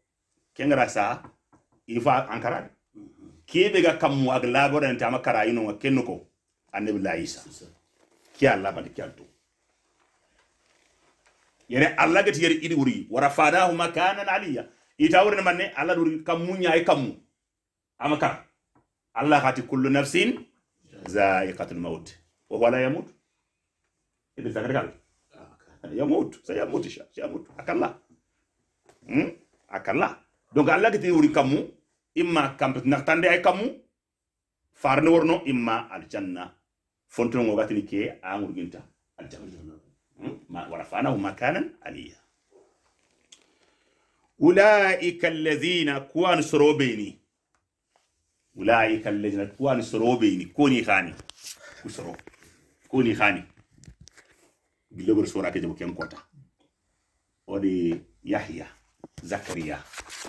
kengara sa ifa ankara be ga kammu ag go da nta makara yino wa kenno ko annabi la isa ki alla ban kyalto yere alla gati yere idi wuri wara fadahu makanan aliya ita wurin manne alla duri kammu nya ay kammu amakara Allah hati kullu nafsin za'iqatul maut wa huwa la yamut ibn idan zakarkal yamut sayamut sha yamut akalla hmm akalla donc Allah kiti wuri kamu imma kam na tande ay kamu farne worno imma al janna fontu ngo ngogatini ke amur ginta al janna hmm ma warafanahu makanan aliya ulaika alladhina kuwan sorobeni ulaika alladhina kuwani soroɓe ni koni hani ku soro koni hani gillogoro sorake jabo ken kota oɗi yahya zakaria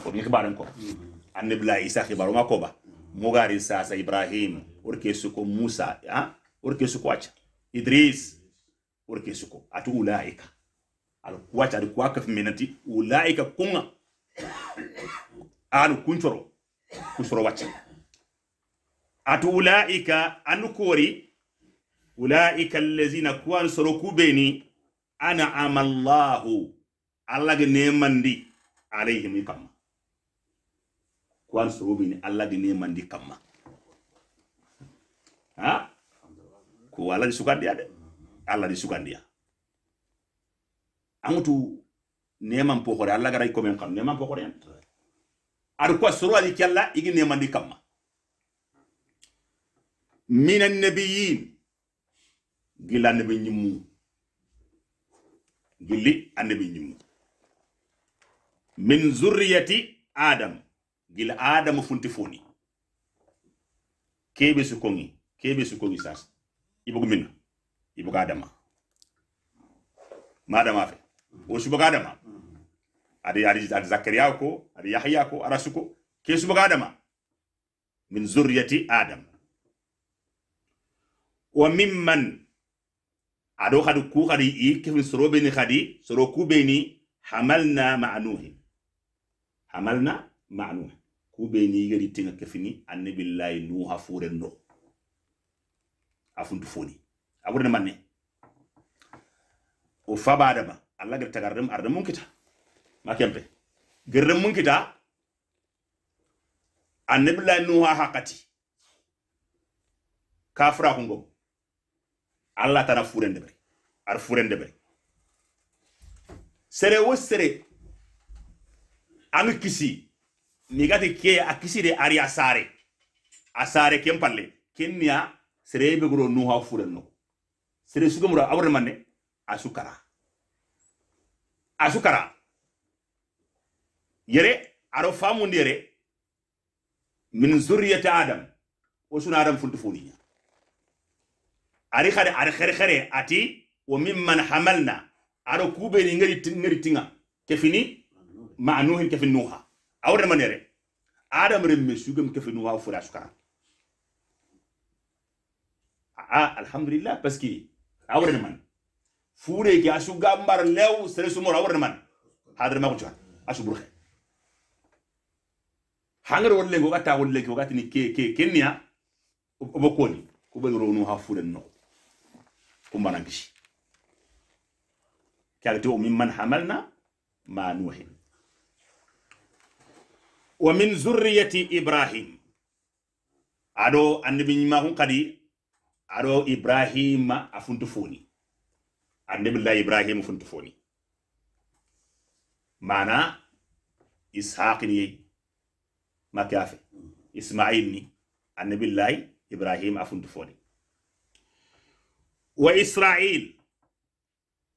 oɗum hibaren ko mhm. annabila isa hibaro ma koba mogari mhm. sasa ibrahim orke suko musa a orke suko aca idris orke suko atu ulaika aɗa kuwaca aɗa kuwa kafi ulaika kunga aɗa kuncoro kusoro wacca atu ulaika anu kori ulaika allazina kuwan soro kubeni ana amallahu allah ga nemandi alaihim kamma kuwan soro beni allah ga nemandi kamma ha ku allah di sukandiya de allah di sukandiya amutu neman pokore allah garay komen kam neman pokore en aɗa kuwa soro adi kella igi nemandi kamma min annabiyin gilla annabi ñimmu gilli annabi ñimmu min zurriyati adam gila adam funti foni kebe su kongi kebe su kongi sas ibugu minna ibugu adama madama fe o su bugu adama adi adi adi zakariya ko adi yahya ko arasuko ke su bugu adama min zurriyati adam wa mimman ado hadu ku hadi i kefin soro beni hadi soro ku beni hamalna ma'nuhi hamalna ma'nuhi ku beni gari tinga kefini annabillahi nuha furen no afuntu foni na manne o fabadama allah gari tagardem arda munkita ma kempe gerre munkita annabillahi nuha hakati kafra ko ngom allah tana furende bari ar furende bari sere wo sere anu kisi nigati ke a kisi de ari asare asare ken palle niya sere be gro nu ha furen no sere su awre manne su asukara yere aro famu ndere min zurriyati adam wo suna adam funtu funiya ari khare ari khere khere ati wa mimman hamalna aro kube ni ngari ngari tinga kefini ma'nuhin kefin nuha awre manere adam rem mesugam kefin nuha fura suka a alhamdulillah parce que awre man fure ki asu gambar lew sere sumor awre man hadar ma kucha asu burkhe hangar wolle ngogata wolle ngogati ni ke ke kenya obokoni kubel ronu ha fure no gishi kisi to o man hamalna ma nuhin wa min zurriyati ibrahim ado annabi ma hun kadi ado ibrahima a funtu foni la ibrahima funtu foni mana ishaq ni makafe ismail ni annabillahi ibrahima a funtu foni wa isra'il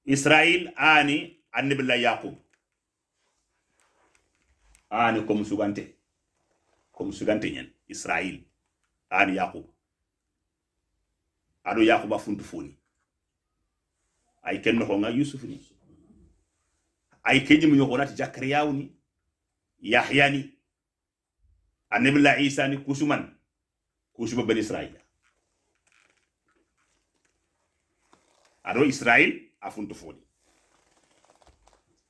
isra'il ani annabillah yaqub ani kom sugante kom sugante ñen isra'il ani yaqub aɗo yakuba funtu foni ay ken noxonga yusuf ni ay keñimu yoxonati jakariyawu ni yahya ni annabillah isa ni kusuman kusuba ben aɗo israil afunto foodi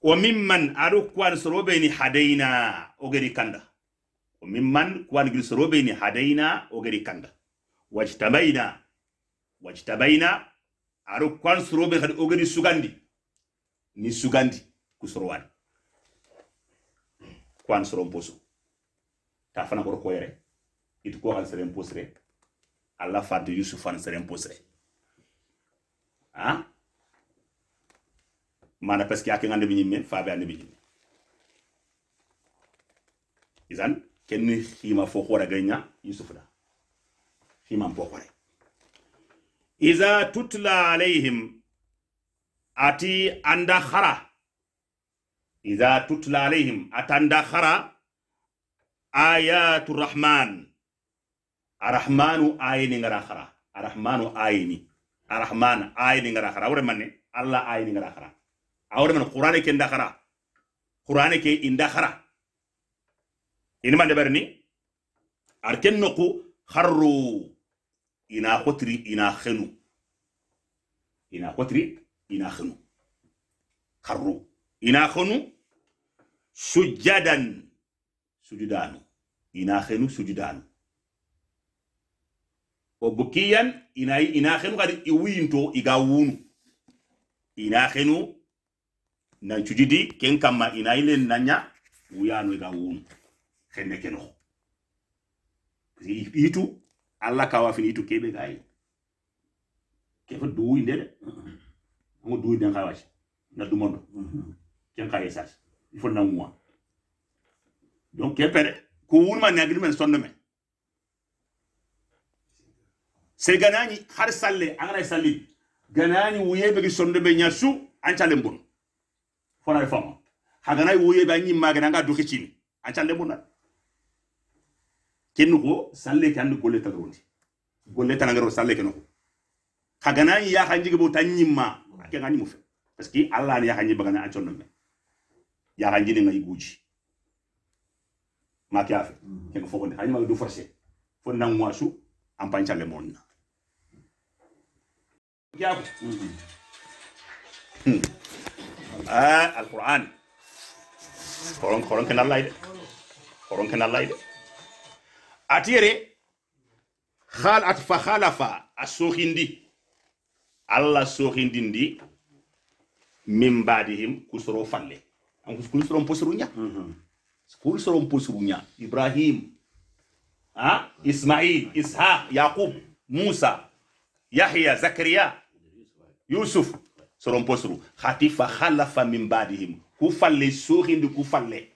wa mimman aɗo kuwan soroɓeni hadayna ogeri kanda wa mimman kuwan gil soroɓeni hadayna ogeri kanda wajtabaina wajtabaina aɗo kuwan soroɓe kadi ogeri sugandi ni sugandi ku sorowani kuwan soron poso ta fana koro koyere itu ko kan seren posre allah fante yusuf fan seren posre ha ah? mana parce que ake ngande bi nyimme faabe ande bi izan kenni xima fo xora ganya yusuf da xima fo xore iza tutla alaihim ati anda khara iza tutla alaihim atanda khara ayatu rahman arahmanu ayini ngara khara arahmanu ayini arrahman ayini ngara khara awre manne allah ayini ngara khara awre ah, man qur'ane ke nda khara qur'ane ke inda khara ini mande berni arken noku kharru ina khotri ina khenu ina khotri ina khenu kharru ina khenu sujjadan sujudanu ina khenu sujudanu o bukiyan ina ina khenu kadi iwinto iga wunu ina khenu nan cujidi ken kama ina ile nanya wuyanu iga wunu khenne keno itu alla kawa fini itu kebe gayi kefa duwi ndede ngo inde den kawaj na mondo ken kaye sas il faut na moi donc kepere ko wunu ma ne agreement sonne se ganani har salle angana salli ganani wuye be sonde be nyasu an chalem bon fona fama hagana wuyebe anyi magana nga duki chini an chalem bon kenu ko salle kan golle ta gondi golle ta ngaro salle kenu ganani ya hanji go tanyi ma ke ganani mu fe parce que allah ne ya hanji bagana an chonno me ya hanji ne ngai guji ma kya fe ke ko fo ko hanji ma du forcer fo nangwa su am le monna jaabu mm-hmm. hmm. a ah, alqur'an horon horon ken korong de horon ken allah de atiyere khal at fa khalafa asukhindi allah sukhindindi min badihim kusoro falle an kusoro posurunya kusoro ibrahim ha ah, ismail ishaq yaqub musa yahya Zakaria. yusuf soron posru hati fa halafa min badihim ku falle sohindi ku falle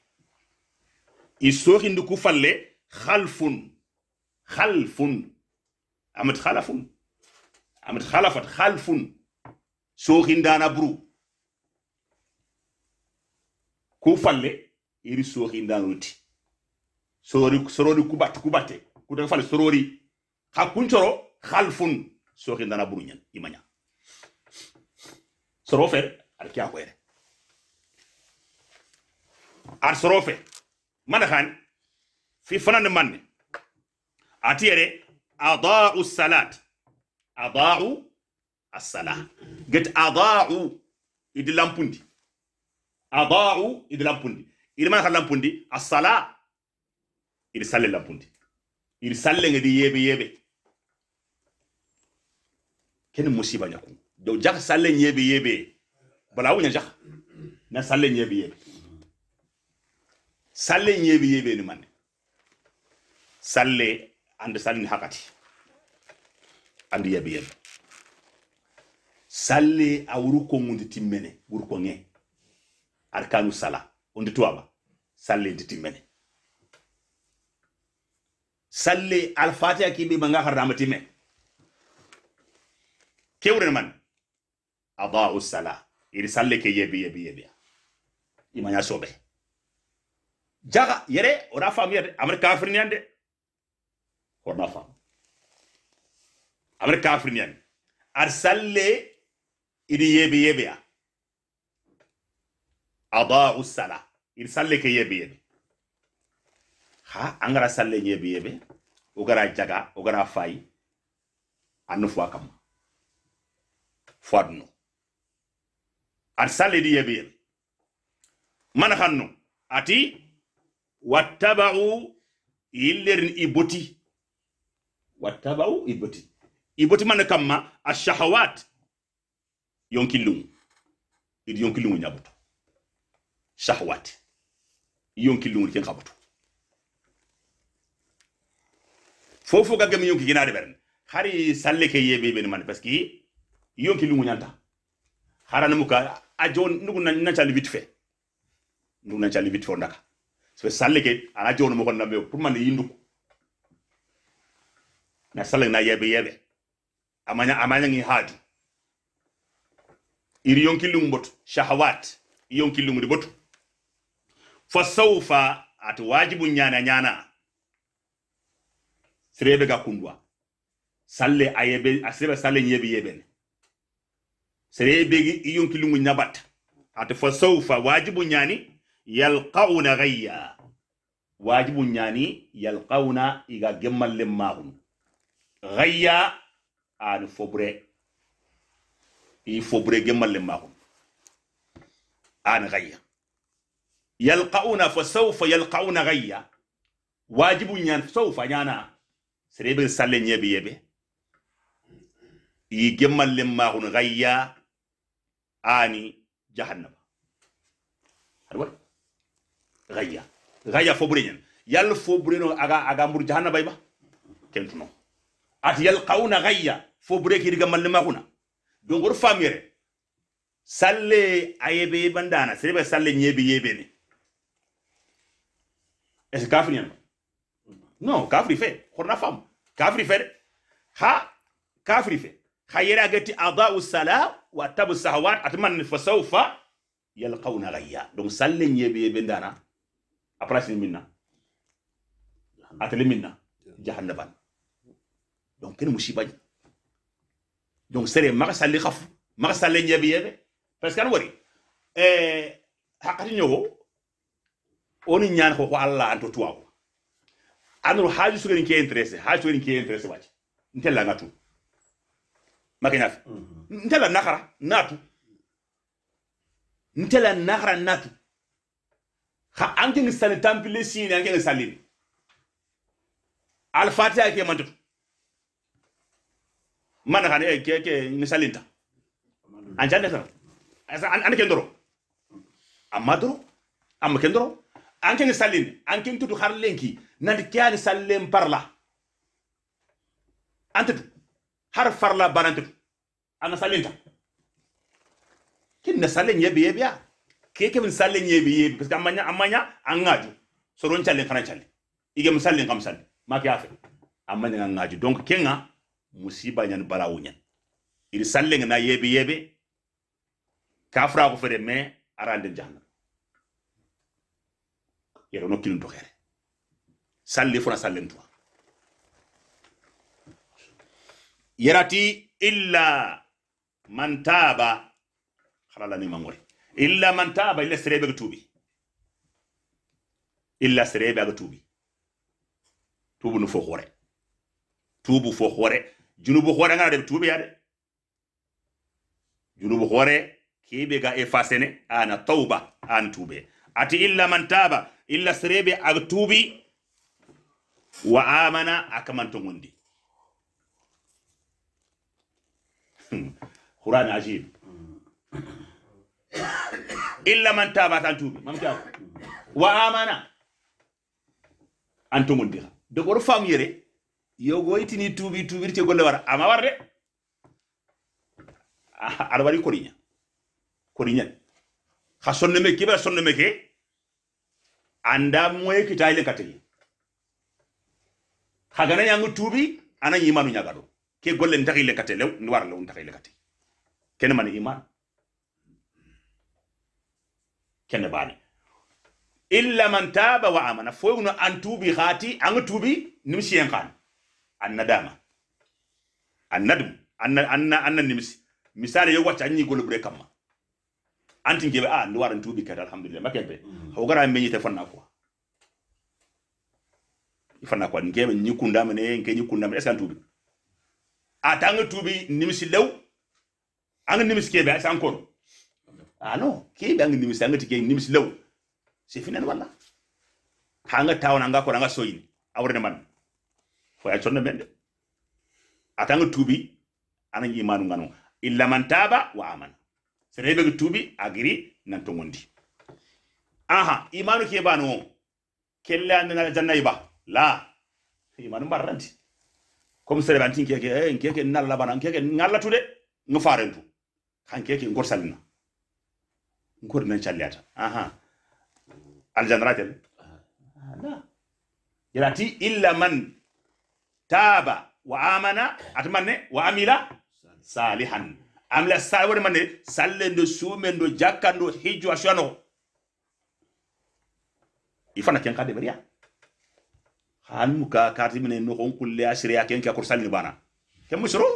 i sohindi ku falle halfun halfun amat halafun amat halafat halfun sohindana buru ku falle iri sohindanuti sorori sorori kubate kubate kuta falle sorori ha kuncoro halfun sohindana buru ñan imaña sorofer alkiya hoyre ar sorofe mana han fi fanande manne ati yere adaa'u salat adaa'u assala get adaa'u idi lampundi adaa'u idi lampundi idi mana han lampundi assala idi salle lampundi idi salle ngedi yebe yebe ken musiba nyakungu donc jak salle nyebe yebe bala wunya jax na salle nyebe yebe salle nyebe yebe ni man salle and salle hakati and yebe yebe salle awuru ko ngundi mene wuru ko nge arkanu sala ondi tuaba salle ndi timmene salle alfatiha kibi manga harama timme kewre man adaa'u sala iri salle ke yebi yebi yebi imanya sobe jaga yere ora famu yere amar kafir ni ande horna famu amar kafir ni ande ar salle iri yebi yebi ya adaa'u sala iri salle ke yebi yebi ha angara salle yebi yebi ogara jaga ogara fayi annu fwa kam fwa dunu ati sallidi yebeere man hanno ati wattaba'u yillerin i boti wattaba'u i boti i boti mana kamma ashahawat yonkillugu idi yonkillugu ñaboto shahwat yonkillugu ken kaboto fofu ga gami yonki gina de hari salle ke yebe ben man parce que yonkilu nyanta harana a jon ndugu na nancali vite fait ndugu nancali vite fait ndaka so salle ke ana jon mo gonna be pour man ndugu. na salle na yebe yebe amanya amanya ngi hadu iri yonki lumbot shahawat yonki lungri botu fa sawfa at wajibu nyana nyana srebe ga kundwa salle ayebe asrebe salle nyebe yebe sere begi iyonkilungu ñabat ate fa sawfa wajibu ñani yalqauna gayya wajibu ñani yalqauna iga gemmalle maxunu gayya ani fobre i fobre gemmalle maxunu ani gayya yalqauna fa sawfa yalqauna gayya wajibu ñan sawfa ñana sere be salle ñebe yebe i gemmalle maxunu gayya ani jahannama aɗa gayya gayya fobure ñan yalla fobure no aga aga mur jahannaba ba kentuno ati yalqauna fo bure ki diga malle makuna don gor famire salle ayebe bandana serebe salle nyebe yebe ne es kafri ñan no kafri fe khorna fam kafri fe ha kafri fe khayera gati adau salam wa tabu sahawat atman fa sawfa yalqawna ghayya donc salle yebe be ndana après ni minna atali minna jahannaban donc ken musiba donc sere maka salli khaf maka salle yebe yebe parce que an wari eh hakati ñogo oni ñaan ko ko allah anto tuwa anu anul haaju sugani ke intéressé haaju sugani ke intéressé wati ntella ngatu makeñafi mhm. ntela nakhara natu ntela nakhara natu kha anke ngi sali tampile sini anke ngi salini alfatiha ke mantutu mana khane eh, ke ke ngi salinta anjande tan an ke ndoro amma doro amma ke ndoro anke ngi salini anke ngi tutu khar lenki nandi kyani sallen parla antutu har farla banantu ana salinta kin na salen yebe yebe ya ke ke min salen yebe yebe parce que amanya amanya an ngaju soron challe kana challe ige min salen kam salen ma ke afi amanya an ngaju donc kenga musiba nyan bala wunyan iri salen na yebe yebe kafra ko fere me arande jahannam yerono kinu dokere salli fona salin to yarati illa man taba halala ni mangori illa man taba illa serebe ga tubi illa serebe ga tubi tubu nu fo xore tubu fo hore junubu xore nga de tubi ya de junubu hore kebe ga efasene ana tauba an tube ati illa man taba illa serebe aga tubi wa amana akamanto ngondi qur'an ajib illa man taba ta tubi mam taw wa amana antumul diha de gor fam yere yo ni tubi ah, tubi ce golle war ama war de ar wari korinya korinya kha sonne me kiba sonne me ke anda moye kitale katay hagana yangu tubi anan yimanu nyagado ke golle ntaxi le kate lew ndi wara lew ntaxi le kate kene mani iman kene bani illa man taba wa amana foyuno e an tubi xaati an tuubi nim siyen xaan an nadama an nadum anna an anna nimsi misali yo wacca anyi golo bure kamma antin gebe a ndi wara tuubi kata alhamdulillah makebe ho gara menyi te fonna ko e ifana ko ngebe nyi kunda mene ngenyi kunda mene esan tuubi a ta nga tubi nimisi lew nga nimisi kebe asa ankoro ah no kebe nga nimisi nga tike nimisi lew se finan wala hanga tawon anga ko a soyin awre man fo ya bende a ta nga tubi anan imanu ngano illa man taba wa se rebe ga tubi giri nan to ngondi aha imanu ke no kella nan janna iba la imanu barranti comme sere bantin keke eh keke nalla bana keke ngalla tude ngu farentu han keke ngor salina ngor men challata aha aljanratel la yarati illa man taba wa amana atmanne wa amila salihan amla sawar manne sallendo sumendo jakkando hijwa ashano ifana de bariya han muka kati mine no kon kulle asriya ken ka kursal ni bana ken musro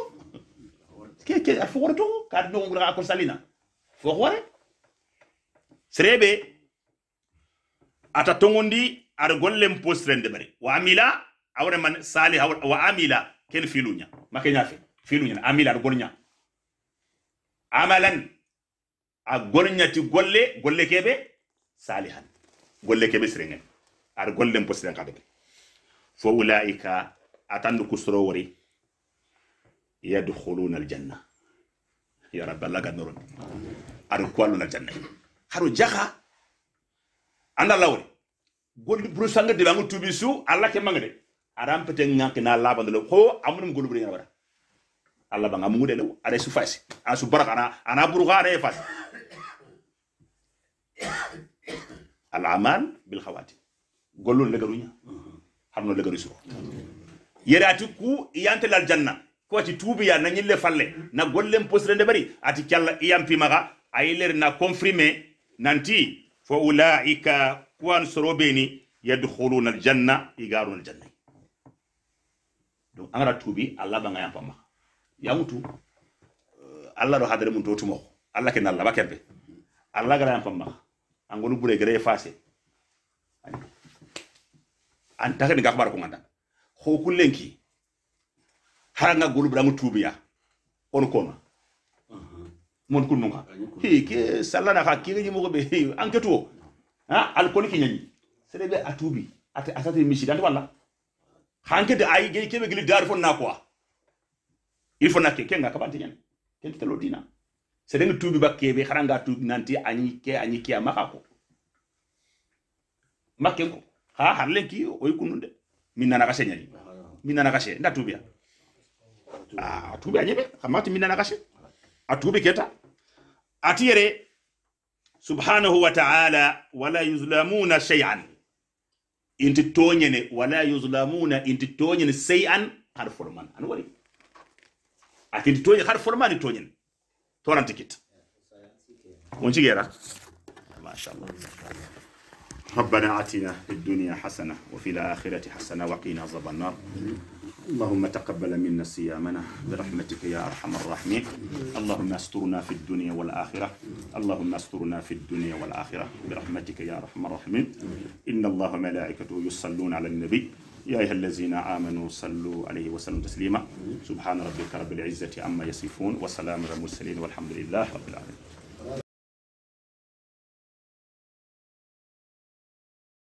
ke ke al fogor to ka do ngur ka kursalina fogore srebe ata tongondi ar gollem de bari wa amila awre man sali wa amila ken filunya makenya fi filunya amila ar golnya amalan a golnyati golle golle kebe salihan golle kebe srengen ar gollem postrende ka bari fo ulaika atandu kusoro wori yadkhuluna aljanna ya rabbi allah gandoron aɗa kuwalluna aljanna haɗo jaha anda lawri golli burusanga de bangu tubi su alla ke mangade aram pete nganki na labande lo ko amunum golubri ngana wara alla banga mungude lo ada su fasi a su baraka ana ana buruga ada fasi al amal bil khawati golun le garunya harno legari suro yere ati ku iyantelal janna ko ati tuubiya na le falle na posre de bari ati maga ay ler na confirmer nanti fo ulaika kuwan sorobeni yadkhuluna aljanna igaruna aljanna donc angara tuubi allah banga pamma yamutu uh, allah ɗo hadare mun totumo allah ke nallaba kempe allah gara pamma angonu bure gere fasé Thank an ta taka dinga kabar konganda ho kullenki haranga gulu bramu tubiya on koma mon kunnunga he ke sallana ka kiri mo be anketo ha alcool ki nyani serebe atubi ate asate misi dan wala hanke de ay gey kebe gili dar fon na quoi il faut nakke kenga kabante nyani kenti telo dina serebe tubi bakkebe haranga tubi nanti anyi ke anyi ke amaka ko makken ko ha harle ki oy kununde minna na kashe nyali minna na kashe nda tubia ah tubia nyebe amati minna na kashe atubi keta atiere subhanahu wa ta'ala wala yuzlamuna shay'an inti tonyene wala yuzlamuna inti tonyene shay'an har forman an wari ati inti tonyene har forman tonyene toran tikit kunci gera masha Allah ربنا آتنا في الدنيا حسنة وفي الآخرة حسنة وقنا عذاب النار اللهم تقبل منا صيامنا برحمتك يا أرحم الراحمين اللهم استرنا في الدنيا والآخرة اللهم استرنا في الدنيا والآخرة برحمتك يا أرحم الراحمين إن الله ملائكته يصلون على النبي يا أيها الذين آمنوا صلوا عليه وسلموا تسليما سبحان ربك رب العزة عما يصفون وسلام على المرسلين والحمد لله رب العالمين